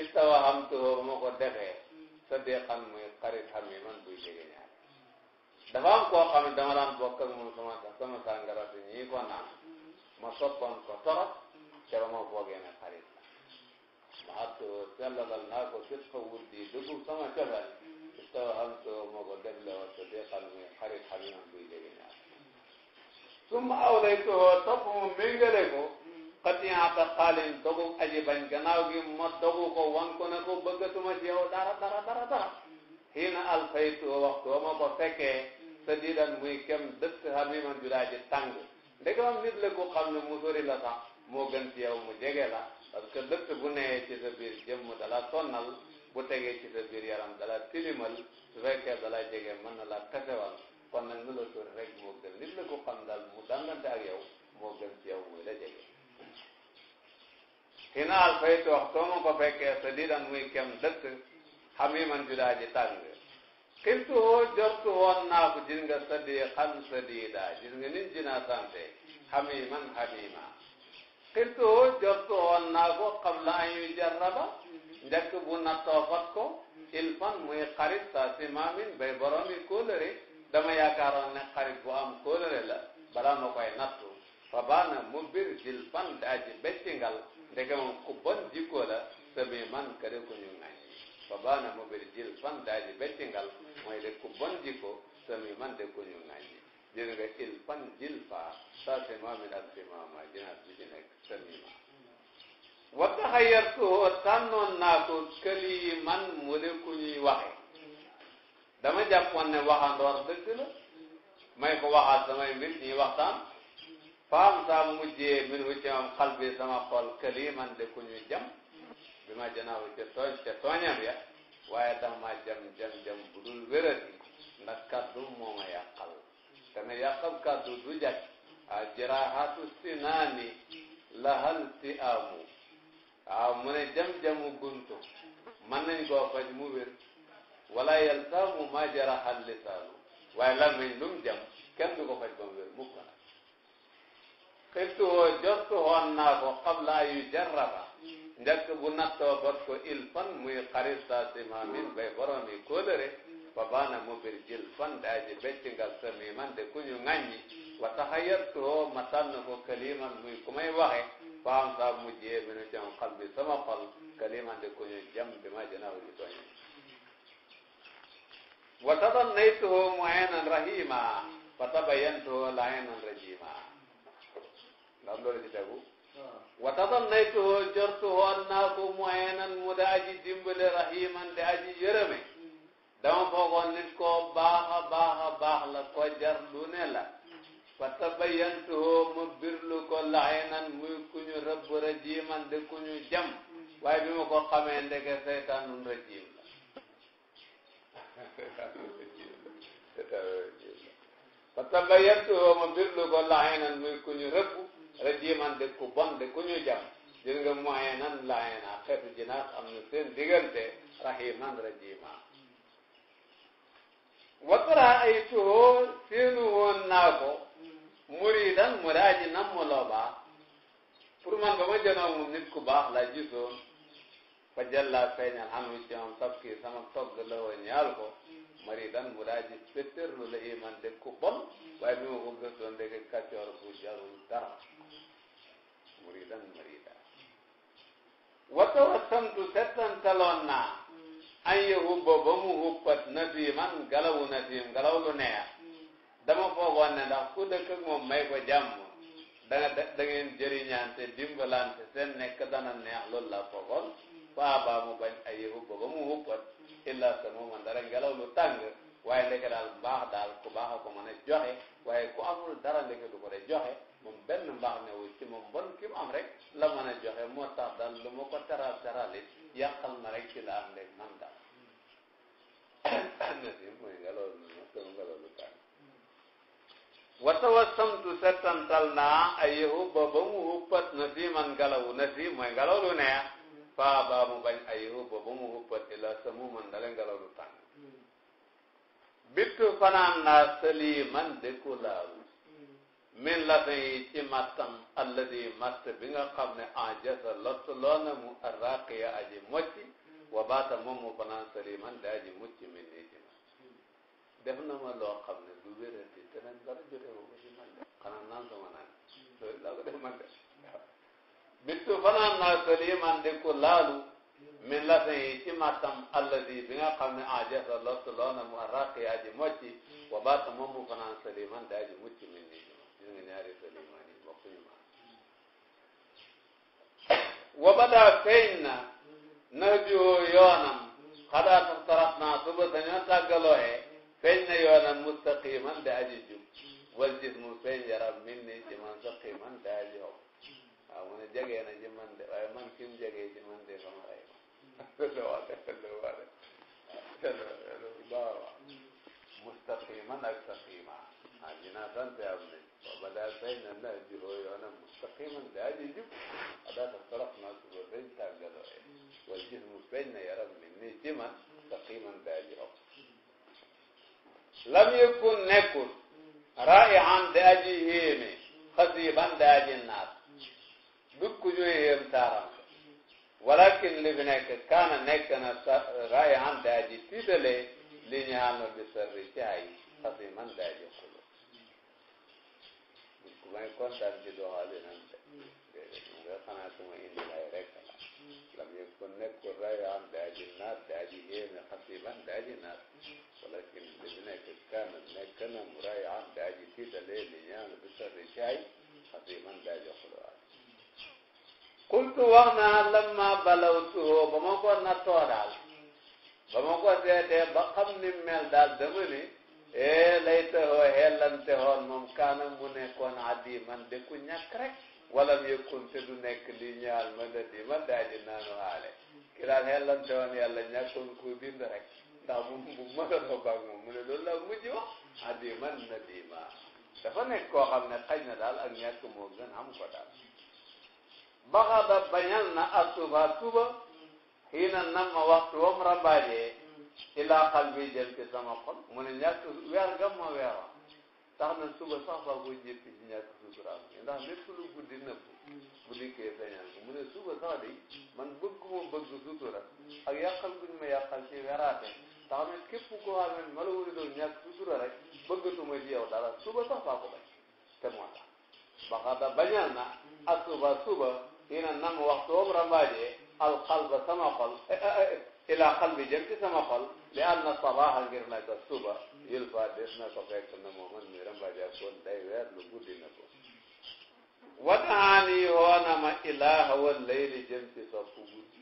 istawahamtuhoo ma ko defee sadiqan muy xarit xam yi man buy jege ñaar dafa am koo xam ne dama daan bokk ak moom sama sama sàngara si ñii ko naan ma soppoon ko torop ca ba ma foogee ne xarit la mahattuhoo sellalal naa ko wuddi dëggug sama cofeel istawhamtuhu ma ko def la woon te dee xam ne xarit xam buy jege ñaar su ma awlaytuhu topp mu méngale ko qati'ata xaalin dogu aji bañ gannaaw gi ma dogu ko wan ko ne ko bëggatuma ci yow dara dara dara dara xiina alfaytu waxtu ma ko fekkee sadidan muy kem dëkk hamiman juraaji tàng ndegam nit la ko xam ne mu sori la sax moo gën ci mu jege la parce que dëkk bu nee ci sa biir jëmm dala sonnal bu tegee ci sa biir yaram dala tilimal su fekkee dala jege mën na la kasewal kon nag nu la sori rek moo gën nit la ko xam daal mu dàngante ak yow moo gën ci yow muy la jege xinaal fay toox soo ma ko fekkee sa muy kem dëkk xam yi man judaa ji tàng xiltu woo jortu woon naa ko gis jinaa sante xam yi man xamima xiltu woo jortu la an yuy jarraba njëkk bu nattoo fat ko ilfan muy xarit saa si maamin bay boromi kóolëre dama yaakaaroon ne xarit bu am kóolëre la balaa ma koy nattu fa baana mu bir jil fan daaji beccingal ndeke moom ku bon jikko la sami man kare ku de ku bon jikko sami man de ku ñu ŋañ jël nga ilfan jil faa saa si maamin ak jinaat bi ci nekk sami ma waxta xayartuhoo tànnoon naa ko këli man mu de ku ñuy waxe dama jàppoon ne waxandoor dëgg la may ko waxaat samay mbir ñuy waxtaan faam saa mujjee min hu ci xal bi sama xol këli man ku ñuy jam bi ma janaaw ca tooñ ca tooñam ya waaye tax ma jam jam jam bu dul wérati ndax moo ma yàqal te ne du jàkk a jiraahatu sinaani lahal ti amu waaw ah, mu ne jam-jamu guntu mën nañ koo faj mu wér wala yaltaamu ma jaraxal lisaanu waaye lan nañ lu mu jam faj mu wér mukk na xiftu woo jottu woon naa ko qabla yu jarraba njëkk bu nattoo bot ko il fan muy xarit sa simamin bay boromi kóolëre fa baana mu bir jil fan daa ji becc sami man de ku ñu ŋàññi wa taxayartu woo ma tànn ko kaliman muy ku may waxe faam saa mujjee minu ci am xal bi sama xol kalimante ko ñu jam bi ma janaaw ci tooñe wa tadannaytuhu mu'aynan rahima fa tabayyantuhu la'inan rajima ndax loolu ci tegu wa tadannaytuhu jortuhoon naa ko mu'aynan mu da aji dimbale rahiman di aji yërëme dama foogoon nit koo baax a baax la ko jar lu ne la fa tabayantuhoo ma birlu ko laxinan muy ku ñu rëbb rajiman de ku ñu jam waaye bi ma ko xamee ndeke seytaanun rajim la fa tabayantuhoo ma birlu ko laxinan muy ku ñu rëbb rajiman de ku bon de ku ñu jam jël nga moyenan laxina xeetu jinax am na seen diggante rahiman rajima wa tara ay tuhoo seenu woon naa ko muridan mu daa ji nam baax man ba ma janoo moom nit ku baax la gisoon fa feeñal anu ci moom sab kii sama togg la woon ñaal ko muridan mu daa ji pétérlu la iman de ku bon waaye bi ma ko gëstoon dëgg kàccoor bu jarul dara muridan muridan wata wasamtu settantaloon naa an yahubba ba mu hubbat nadiman galawu nadim galaw lu neex dama foogoon ne ndax ku dëkk ak moom may ko jàmm danga da ngeen jëriñante dimbalante seen nekk dana neex loolu la foogoon faabaa mu bañ ay yëfu ba ba mu huppat illa sa mooma dara ngelaw lu tàng waaye ndeke daal mbaax daal ku baax a ko mën a joxe waaye ku amul dara ndeke du ko de joxe moom benn mbaax newul ci moom bon ki mu am rek la mën a joxe moo tax daal lu ma ko teral teralit yàqal na rek ci la am rek man daal wat wata wasamtu settantal naa ay hubba ba mu hubbat nasiman ngelaw nasim mooy ngelaw lu neex faa baa mu bañ ay hubba ba mu hubbat ila samuman dale ngelaw lu tàng bittu fanaan naa saliman dëkku laaru min la tay ci mattam alladi matt bi nga xam ne ajasa lott loona mu arraqiya aji mocci wa baata moom mu fanaan saliman da aji mucc min nii ci ma def na ma loo xam ne du wérati te nag naan sama naan loolu laa fanaan naa ko lii man laalu min la yi ci mattam alladi bi nga xam ne ajasa lottu loona mu aji mocci wa baata moom fanaan saliman de aji mucc min ni gis nga ñaari saliman yi bokkuñu ma wa badaa feeñ na na biwoo yoonam xadaatu tarat naa suba dañoo tàggalooyee feeñ na yoonam mustaqiman da aji jub wal jismu feeñ yaram man saqiman da aji xom na ci man de waaye man kim jege ci mustaqiman ak saqima ah dinaa sant am nañ wa bada feeñ na la da aji jub adata torox na suba feeñ tàggaloo wal jismu feeñ na yaram min saqiman da aji lam yëkkun nekkul raihan da aji yéeme xasiban da aji naat dukk ñuy yéem taaram walakin li bi nekk a nekk na raihan da aji tiitale li ñu xam bi sarri ci ay xasiman da aji xulu dukk may kontaan ci doxalinam de nga xanaa su ma indil ay lam yakun nekkul rayaan daaji naat daaji yéeme xasiban daaji naat walakin li mu nekk kaana nekk na mu rayaan daaji tiitalee li ñaan bi sori caay xasiban daaji xulwaat kultu wax naa lamma balawtu ba ma ko nattoo ba ma ko ba xam ni mel daal dama ni ee eh, laytahoo xeellante hoon moom kaana mu nekkoon addi man de ku ñàkk walam yëkkun te du nekk li ñaal ma dadi ma daaji naanu haale ki daan xellante woon yàlla ñàkkoon ko bind rek ndax bu bu mësa ko bag moom mu ne loolu laa mujj wax adi ah man na dima dafa nekk koo xam ne xaj na daal ak ñàkk moo gën am ko daal baxada bañal na atuba tuba xiina nam ma waxtu wam rambaajee ilaa xal bi jëm ci sama xol mu ne ñàkk weer gam ma weeroon tax na suba sax ba bu jëpp ci suturaal ñu ndax lépp mu ne suba sax man bëgg ku ma bëgg sutura ak yàqal guñ ma yàqal ci weraate tax na képp koo xam ne ma la wuri doon ñàkk ci yow suba sax ko bañ te moo tax baxada bañal suba suba ina waxtu wam rambaajee alxalba sama xol ilaa xalbi jëm sama xol li ànd na sabaaxal suba yul fa des na ko fekk na moo man mi rambaajee day weer lu guddi na ko wataani hoona ma ilaaha wal layli jëm ci soppu guddi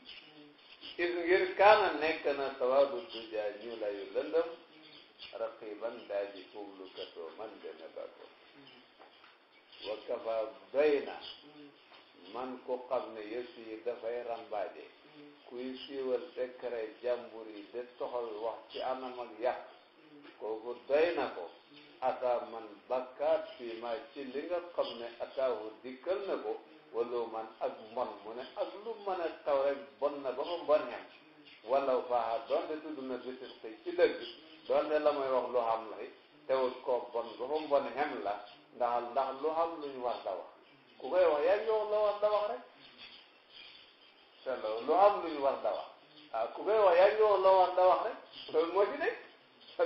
is ngir kaana nekk na sawaabu duja la layu lëndëm raqiban daaji fuglu katoo man deme bako wa kafa doy na man ku xam ne yëf yi dafay rambaaje kuy siiwal secret jàmbur yi de toxal wax ci anam ak yàq kooku doy na ko asa man bakkaat fii ma ci li nga xam ne ataahu dikkal na ko wala man ak mon mu ne ak lu mën a taw rek bon na ba mu bon ñam wala faaha donte bisit xëy ci dëgg donte la may wax lu xam lay tewut koo bon bon ñam la ndax lu xam lu ñu war da ku koy wax yaa ngi la war da rek te lu xam lu ñu wax ah ku koy wax yaa ngi la war da rek loolu moo ci nekk te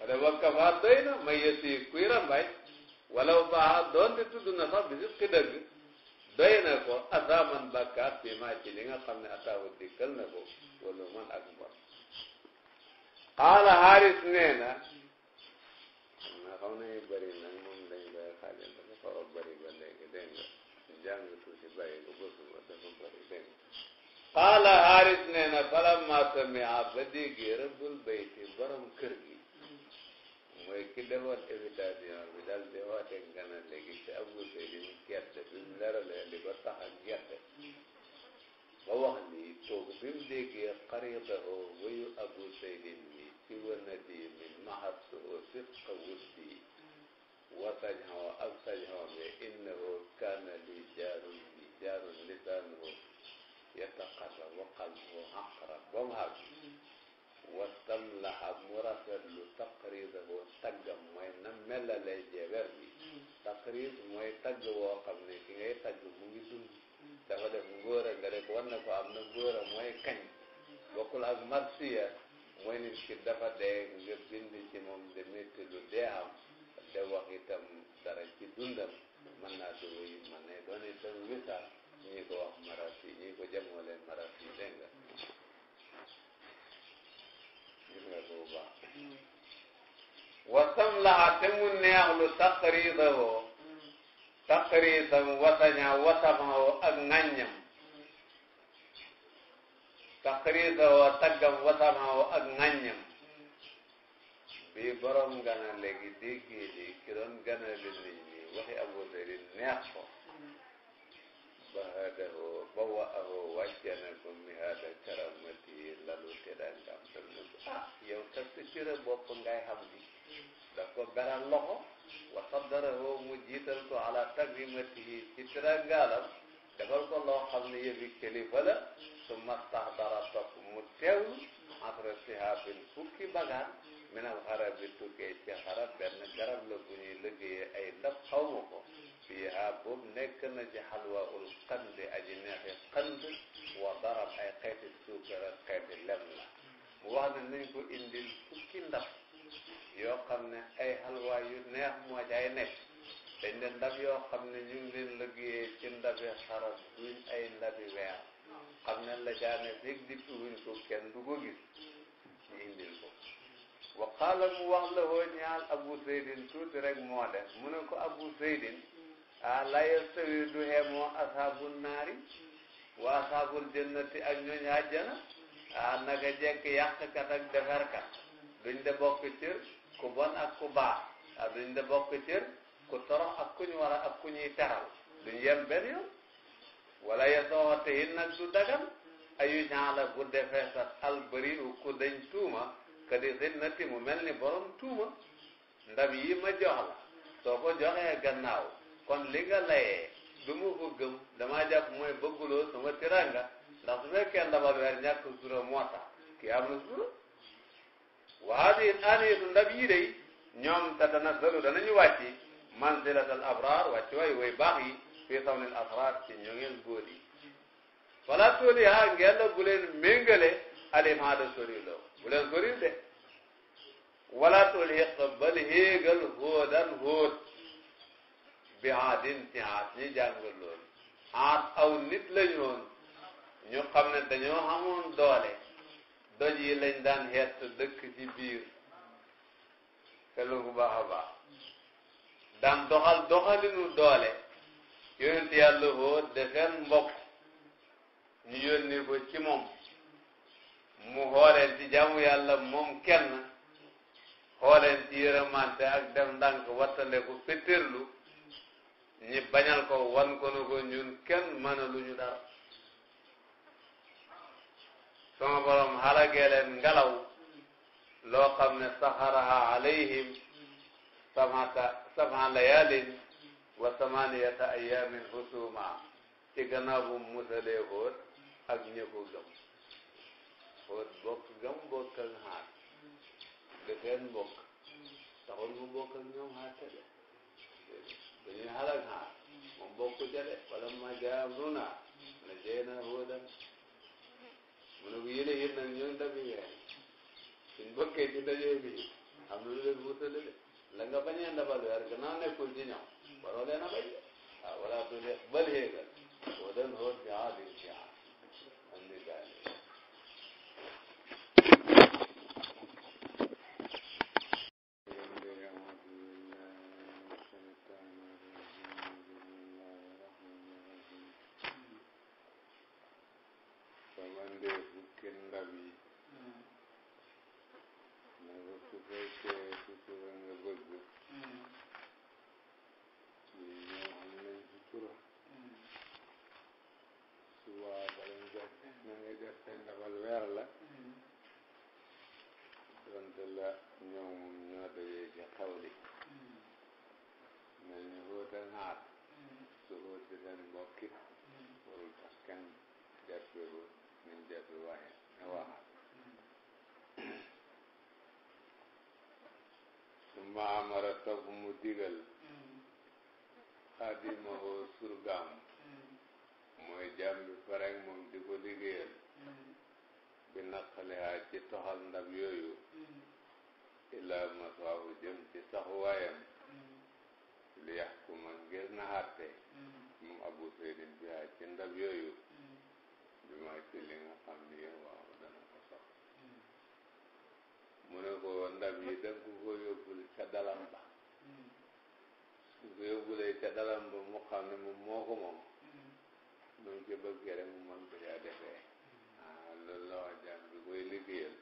wala wakkafa doy na may yësi kuy rambay wala baaxa doonte tudd na sax bisis ki dëgg doy na ko asaman bakkaat bi ma ci li nga xam ne ataawu dikkal na ko wala man ak mbon xaala xaaris nee na na xam ne bëri nag moom dañ koy xaajal dafa xaw a bëri ba léegi dégg nga jàng tuuti bàyyi ko bësu ba dafa bëri dégg nga xaala xaaris nee na falamma samia ba déggee rabbul bayti borom kër gi mooy ki defoon invitation bi daal di woote ngana léegi te amul seen i gerte bi mu leralee li ko tax ak gerte ba wax ni toog bi mu déggee xariqahu wayu abu saydin mi ci wënadi min maxat soo sitqa wuddi wa sañoo ak sañoo mi innahu kaana li jaarun li jaarun lisaanuhu yataxarrabu qalbuhu xaqra ba mu xàgg wastamlaha mu rafetlu taqriisahu taggam mooy na melale jeeber bi mm. taqriis mooy tagg woo xam ne ki ngay tagg mu ngi dund mm. dafa def ngóor a nga rek war na ko am na ngóor a mooy kañ mm. bokkul ak marsiya mooy nit ki dafa dee nga bind ci moom de métti lu dee am de wax itam dara ci dundam mën naa dugg yi mën na doon itam wisaar ñi ko wax marasi ñi ko jëmoolee marasi dégg nga gis nga ko bu baax wasam laxa te mu neexlu taqriidahoo taqriidam wasaña wasamahoo ak ŋàññam taqriidahoo taggam wasamahoo ak ŋàññam bii borom gana léegi déggee li ki doon gana li nit ñi waxi Abu Zayd neex ko bahadahu bawaahu wàcce na ko mihaada karamati lalu te dangam te mu ah yow kat sa cëra bopp ngay xam di daf ko beral loxo wa saddarahu mu jiital ko ala takrimatihi ci tërangaalam defal ko loo xam ne yëfi kilifa la su mastahdara topp mu teewlu entre sihaabin fukki bagaan minal xarab bi tukkee ci xarab benn garab la bu ñuy liggéeyee ay ndab xaw ko fiiha boobu nekk na ci xalwa ul qand aji neexi qand wa darab ay xeeti suukar ak xeeti lem la mu wax ne nañ ko indil fukki ndab yoo xam ne ay wa yu neex moo ci nekk dañ ne ndab yoo xam ne ñu la leen liggéeyee ci ndabi xaras duñ ay ndabi weer xam ne la jaane fekk di wuñ ko kenn du ko gis indil ko wa qaala mu wax la woo ñaal abu zeydin tuuti rek moo mu ne ko abu zeydin ah la yastawi du xeemoo ashaabul naari wa ashaabul jannati ak ñooñ àjjana ah naka jekk yàqkat ak defarkat duñ de bokk cër ku bon ak ku baax ah duñ de bokk cër ku torox ak ku ñu a ak ku teral duñ yem benn wala yasoo te it du dagan ayu ñaala bu defee sax albariu ku dañ tuuma kadi zinnati mu mel ni borom tuuma ndab yi ma jox la soo ko gannaaw kon li nga layee du ma ko gëm damaa jàpp mooy bëgguloo sama ndax su fekkee ndabal weer ñàkk suura moo tax kii am suura waa bi aaniyatu ndab yi day ñoom tatanazzalu danañu wàcci manzilatal abraar wàcci waay way baax yi fii sawnil asraar ci ñoo ngeen góor yi wala haa ngeen la bu leen méngale alimaada soriloo bu leen soril de wala tooli hiq bal héegal hóodan hóot bi aadin ci aat ñi jàngal loolu aat aw nit lañu woon ñu xam ne dañoo xamoon doole doj yi lañ daan xeet dëkk ci biir xelu bu baax a baax daan doxal doxalinu doole yonent yàlla hoo defeen mbokk ñu yónni ko ci moom mu xooleen ci jaamu yàlla moom kenn xooleen ci yërëmante ak def ndànk wattande ko féttéerlu ñi bañal ko wan ko ne ko ñun kenn mën lu ñu dara sama borom xalagee leen ngelaw loo xam ne saxaraha alayhim samata sama layaalin wa samaniyata ayamin husuma ci gannaaw musalee xóot ak ñi gëm xóot bokk gëm bokk ak xaat da seen bokk taxul mu bokk ak ñoom xaate de bu ñuy halak haar bokku ca de wala ma jaa amruna mu ne jee naa huudan mu ne bu yéene yéen nag ñoom dabi ngeen suñ bokkee ci dajee bi am na lu leen wutale de la nga bañee ndabal weer gannaaw nekkul ci ñoom waroo leen a bañ de ah wala du de bal héegal huudan huud bi aadin ci aad ci ndab yi hmm. ne ko su fekkee sutura nga bëgg yi hmm. ñoo am hmm. su waa balañ def na ngay def te ndabal weer la donte la ñoom waaw summa amara topp mu digal xaadimahu surgaam mooy jàmm bi farek moom di ko liggéeyal bi naqalihaa ci toxal ndab yooyu ilaa maswaahu jëm ci saxuwaayam li yaxkuma ngir na xàtte moom abu seydin bihaa ci ndab yooyu bi ma ci li nga xam ni yow mu ne ko ndab yi dëgg ko yóbbul ca dalam ba su ko yóbbulee ca dalam ba mu xam ne moom moo ko moom mu ci bëggee rek mu mën ko caa defee ah loolu la wax jàmm bi koy liggéeyal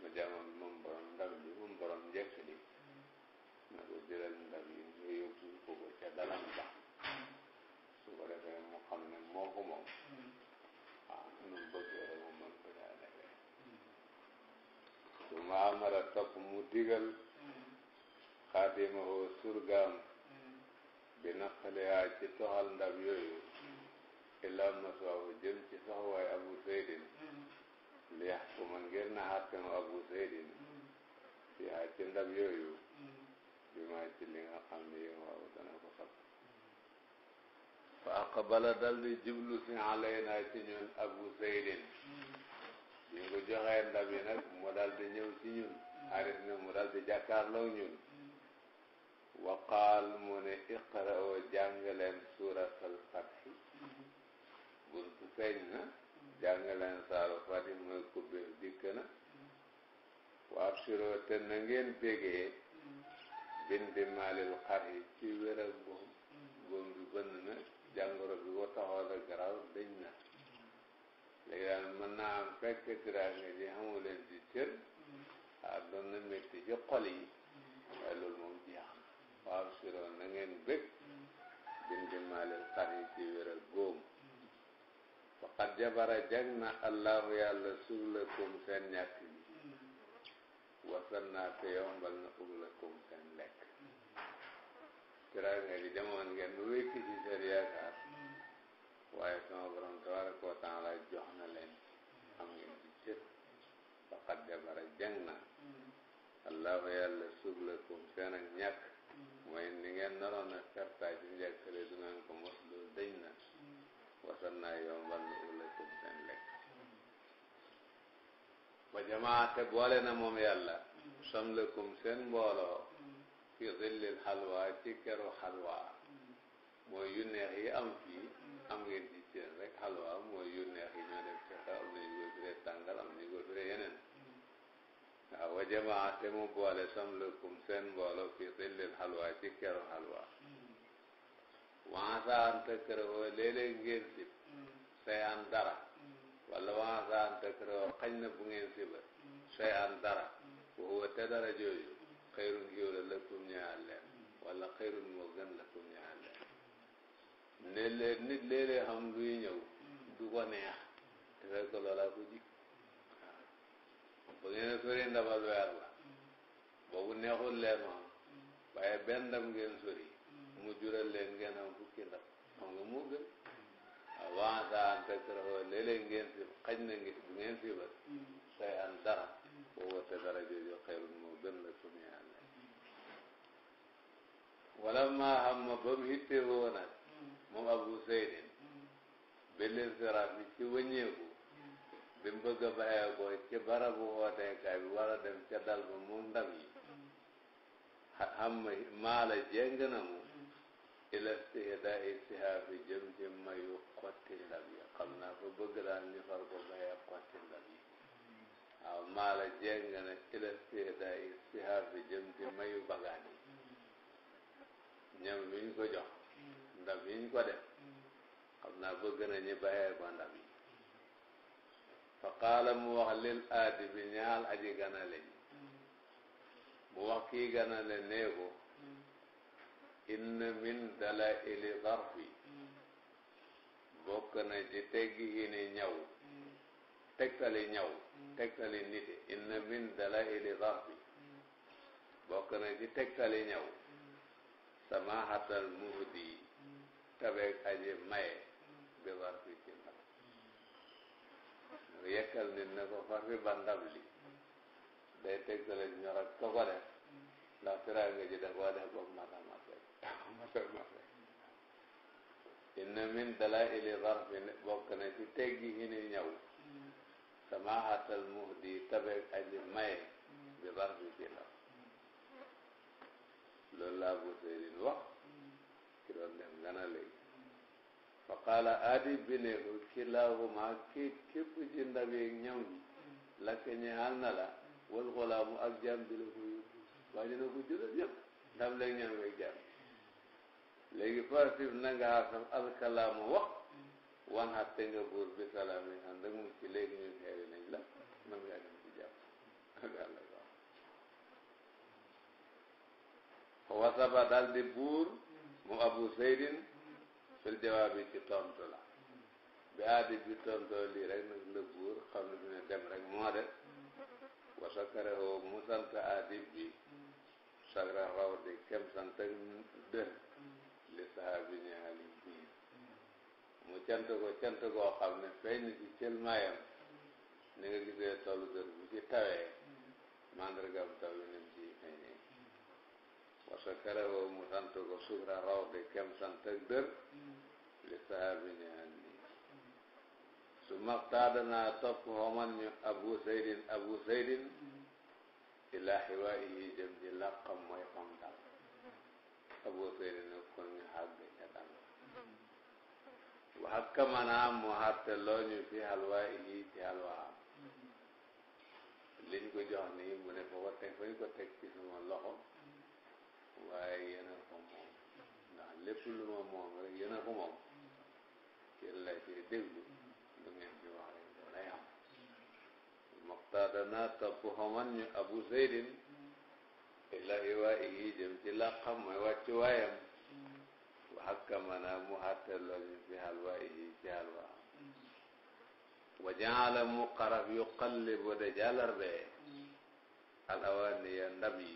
ma jàmmam moom borom ndab yi moom borom njëkk li na ko jëlal ndab yi nga yóbbul ko ko ca dalam ba su ko defee mu xam ne moo ko moom ah nu mu bëggee rek suma amara topp mu digal xaadimahoo surgaam bi naqalihaa ci toxal ndab yooyu illa maswahu jëm ci soxwaay abu seydin li yaxkuma ngir na xàttem abu seydin fiihaa ci ndab yooyu bi maa ci li nga xam ne yéen waaw dana ko fab fa aqbala dal di jublu si alayna ci ñun abu seydin ñu ngi ko ndab yi nag mu daldi ñëw ci ñun xarit na mu daal di jàkkaarloo ñun waqaal mu ne iqra'u jàngaleen suuratal Fathi buntu feeñ na jàngaleen saaru Fathi mooy kubéer dikk na waab siro te na ngeen bégee bindi maalil xar yi ci wér ak bi bënn na jàngoro bi ko taxoon a na léegi daal mën naa am fekk tiraanga ji xamu leen ci cër ah doon na métti ci xol yi mm-hmm. waaye loolu moom jeex na waaw siroon na bëgg bindi maalil xar yi ci wér ak góom mm-hmm. faqat jabara jag na allahu yàlla suulakum seen ñàkk gi wasan naa te yombal na uglakum seen lekk tiraanga ji demoon ngeen bu wékki ci seen yaakaar waaye sama borom tabaaraka wa taala jox na leen am ngeen ci cër faqad jabara jàng na allahu yàlla sublakum seen ak ñàkk mooy ni ngeen naroon a fertaay ci njëkkale du ngeen ko mos loolu dañ na wasal naa yombal na ulakum seen lekk wa jamaate boole na moom yàlla samlakum seen mbooloo fi zillil xalwa ci keru xalwa mooy yu neex yi am fii am ngeen ci cër rek halwa mooy yu neex yi ñoo def fexe am nañu ko firee tàngal am nañu ko yeneen waaw wa jamaa te mu boole samlukum seen mbooloo fi xillin halwa ci keru halwa mm-hmm. waasaan te këroo léeg-léeg ngeen sib mm-hmm. say an dara mm-hmm. wala waasaan te këroo xañ na bu ngeen siba say an dara waxuwa te dara jooju xayrun yiw la lakum ñaal leen wala xayrun moo gën lakum ñaal léeg-léeg nit léeg-léeg xam luy ñëw du ko neex te fekk loola ko ji ba ngeen a sori ndabal weer la boobu neexul leen moom waaye benn ndam ngeen sori mu jural leen ngeen am fukki ndab xam nga moo gën waaw waasaan fekk raxoo léeg-léeg ngeen fi xaj na ngeen bu ngeen fi ba say an dara boo wate dara jooju xeerul moo gën la suñu yàlla wala maa xam ma ba mu hittee woo moom Abu Seydin belleen seraat ci wëññeeku bi mu bëgg a bàyyee ko ci barabu wooteekaay bi war dem ca dal ba mu ndam yi xam maala jéng na mu ila stihdaa istihaafi jëm ci mayu xotti ndab yi xam naa ko bëgg daal ñu far ko bàyyee xotti ndab yi waaw maala jéng na ila stihdaa istihaafi jëm ci mayu bagaan ñam bi ko jox ndam yiñ ko def xam naa bëgg nañu bàyyee ko ndam yi fa qaala mu wax lil aadi bi ñaal aji ganale ji mu wax kii ganale nee ko inna min dalaili darfi bokk na ci teggi ini ñaw tegtali ñaw tegtali nite inna min dalaili darfi bokk na ci tegtali ñaw samahatal muhdi kabeeg aji maye bi war fi ci ndab lu yekkal nit ne ko far fi li day tegtale ñor ak ko def ndax tiraanga ji da def bokk na ci teggi yi ni ñëw samaahatal muhdi kabeeg aji maye bi war ci ndab loolu laa bu sëriñ wax ki doon dem nga na léegi fa qaala aadi bineeku kilaahuma kii képp ci ndab yi ñaw ñi lakk ñeexal na la wal xolaamu ak jaam bi la ko yóbbu waa na ko jëlal yëpp ndab leeg ñaw yeeg jaam léegi faasif na nga xasam alkalaamu wax wan xatte nga buur bi salaam yi xam ndagum ci léegi ñu xeeri nañ la man ngaa dem ci jàpp ak àlla baax wasaba daal di buur mu abu seydin fil jawaab yi ci tontu la bi aadi bi tontu lii rek nag la buur xam ne fi ne dem rek moo de wa sakarahoo mu sant aadi bi sakra raw di kem sant ak dën li sahaabi ñaali biir mu cant ko cant koo xam ne feeñ na ci cël maayam ni nga gisee tollu dër bu ci tawee mandargam taw yi parce mm. mm. mm. que kare woo mu sant ko suura raw di kem sant ak dër li saabi ni hanni su maxtaada naa topp xoman ñu abu saydin abu saydin ila xiwaa yi jëm ji làqam mooy xam dal abu saydin ne kon ñu xàgg ca dal wax kamanaa mu xàtte loo ñu fi xalwaa yi ci xalwaa liñ ko jox nii mu ne fa ko teg fañ ko teg ci sama loxo waaye yéen a ko moom ndax lépp lu ma moom rek yéen a ko moom kenn lay fee déglu lu ngeen fi wax rek loolay am moqtaada naa topp xaman ñu abu zeydin illa iwaa ihi jëm ci làqam mooy wàccu waayam waxakkama naa mu xàttal lool ñu fi halwaa ihi ci halwaa wa jaala mu xarab yu qallibu de jàllarbe al awaaniya ndab yi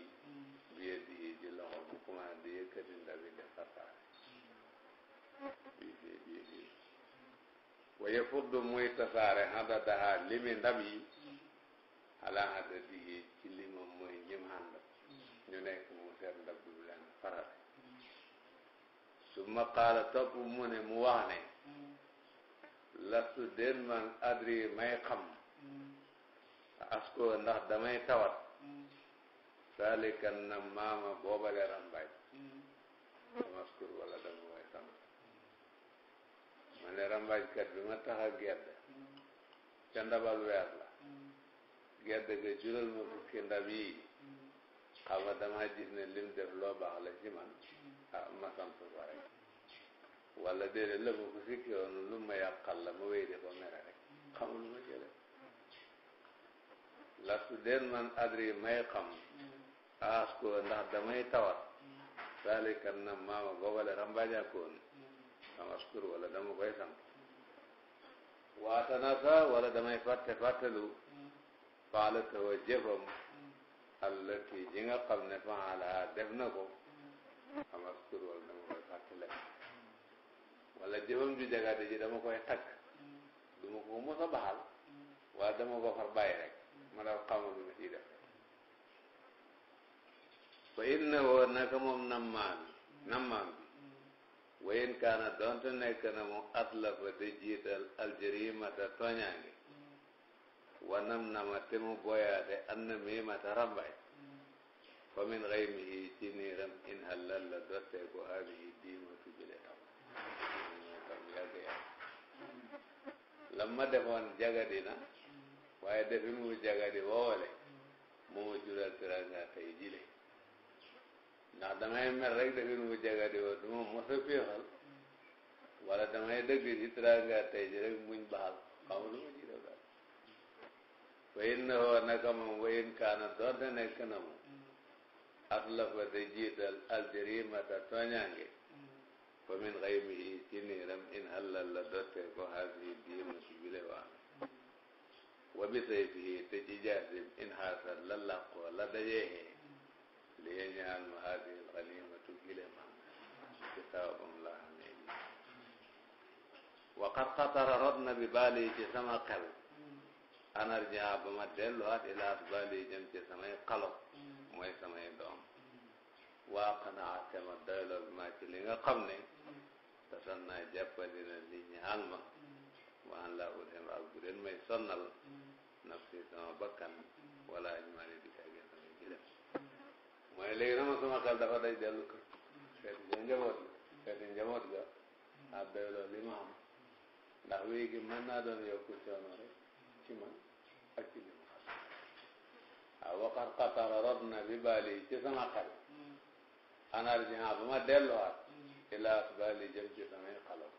biyadihi ji loxo commencé di yëkkati ndaw yi def attaque limi ndab yi xalaa xadadi yi ci limam mooy ñim ànd ñu nekk mu seet ndab bi mu leen farale summa qaala topp mu ne mu wax ne lastu den man adri may xam asko ndax damay tawat saalikan na maama boobale rambaaj damaskur hmm. wala dama mooy sama ma ne rambaajkat bi ma tax a gedd hmm. ca weer la hmm. gedd ga jural ma fukki ndab yi xam nga dama gis ne lim def loo baax la ci man ah ma sant ko rek wala déedéet la ma ko sikki woon lu ma yàqal la ma wéy de ko mere rek xamul ma jële lastu den man adri may xam aas ko damay tawat saalikan na maama boobale rambaajakoon amaskur wala dama koy sant waatanasa wala damay fàtte fàttelu faala tawa jëfam allati ji nga xam ne faala def na ko amaskur wala dama koy fàttele wala jëfam ju ji dama koy takk du ma ko mos a baxal wala dama ko far bàyyi rek ma daw xamul lu ma fa inna woo naka moom nammaam bi nammaam bi wayin kaana doonte nekk na mu atlafa di jiital aljarimata toñaange wa nam nama te mu boyaate an na miimata rambay fa min xaymihi ci niiram in halal la dottee ko haadihi diimatu tam tam ma defoon jagadi na defin mu jagadi woowale moo ma jural tiranga tey jile ndax damay mer rek defin mu jagadi woo du ma mos a féexal wala damay dëgg ci teraanga tey ji rek muñ baal xaw lu ma ci def daal wayin na woo naka moom wayin kaana doonte nekk na mu aslafa de jiital aljarimata tooñaange fa min xaymihi ci niiram in halal la dotte ko haasi diimu ci bile waan wa bi sayfihi te ci jaasim in haasal la làqoo la dajeexee li ye ñaan ma hadi al ganimatu gile ma ci sababam laa amee lii waqat xatara rod na bi baali ci sama xel anarjaa ba ma delluwaat ilaas baali jëm ci samay xalo mooy samay doom waa qanaa te ma doyloo bi maa ci li nga xam ne te san naa jàppandi na li ñaan ma waan laa utem ak bu leen may sonnal nafsi sama bakkan wala ajmali mooy léegi dama sama xel dafa day dellu kër seeti ja njaboot la seeti njaboot ga ak doyloo ma am ndax naa doon yokku coono rek ci man ak ci li ma xam waaw waqat na bi baali ci sama xel xanaar ji ba ma delluwaat ilaas baali jëm ci samay xalaat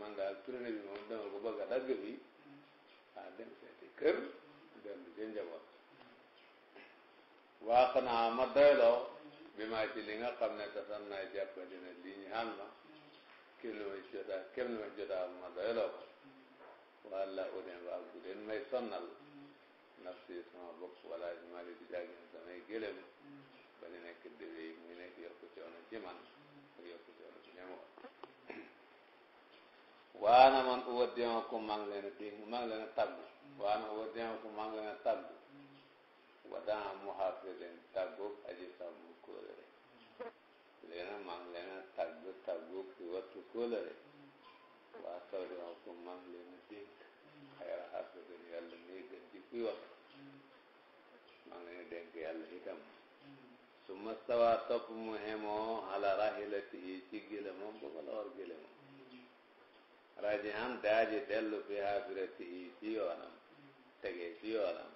man daal tournée bi moom dama ko bëgg a dagg bi dem seeti kër dellu ja waa xanaa ma doyloo bi maa ci li nga xam ne tasam naa jàppandi ne lii ñu xam ma kenn ma jotaa kenn ma jotaa ma doyloo ko walla udem waa bu leen may sonnal nafsi sama bopp wala maa ngi di jàggin samay gélém ba ñu nekk déwé yi muy nekk yokku coono ci man ak yokku coono ci ñamoo waana man uwa dema ko maa ngi leen a dégg maa ngi leen a uwa dema ko maa ngi leen a wadaa muhafidin tàggoog aji sàmm kóolare léegi nag maa ngi leen a tàgg tàggoog ci wattu waa taw di wax ko maa ngi leen a dénk xayra xafidin yàlla muy gën ci kuy wax maa ngi su ma sawa topp mu xemoo ala rahilati yi ci gile moom ba ma la war gile moom rajihan daaji dellu fi xafirati yi ci yoonam tegee ci yoonam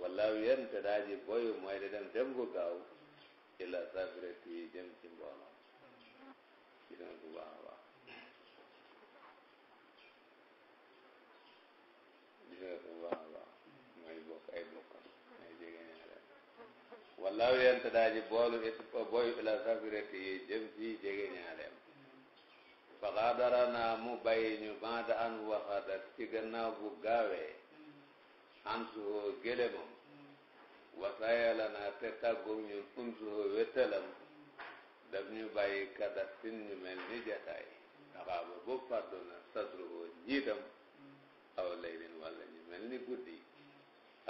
wala wéen te daa ji boyu mooy di dem dem bu gaaw illa sabirati yi jëm ci mbooloo ci dem bu baax a baax gis nga bu baax ay bokkam ay jege ñaare wala wéen te daa boolu it boyu illa sabirati yi jëm ci jege ñaareem faxaadara naa mu bàyyi ñu baada an waxadat ci gannaaw bu gaawe ansuhoo gélémam wasaayala naa te tàggoom ñun unsuhoo wéttalam daf ñu bàyyi kada sin ñu mel ni jataay taxaaba ba fàddu na sadruhoo njiitam aw laylin walla ñu mel ni guddi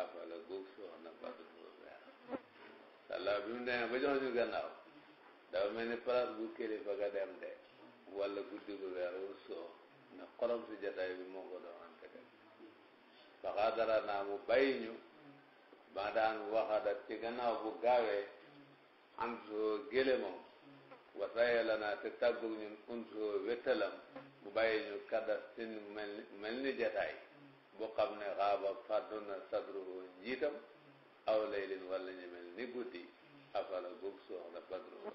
afala góog soxna fàddu foo weer salla bi mu demee ba jox ñu gannaaw dafa mel ni place bu kilifa ga dem de walla guddi gu weer wu soo na xorom si jataay bi moo ko doon faxaadara naa mu bàyyi ñu ba daan waxadat ci gannaaw bu gaawee am soo gële moom wasaaye la naa te tàggug ñun un soo wéttalam mu bàyyi ñu kadda sin mel ni jataay bu xam ne xaaba fàddu na sadruhu njiitam aw laylin wala ñu mel ni guddi afala gub soox la badruhu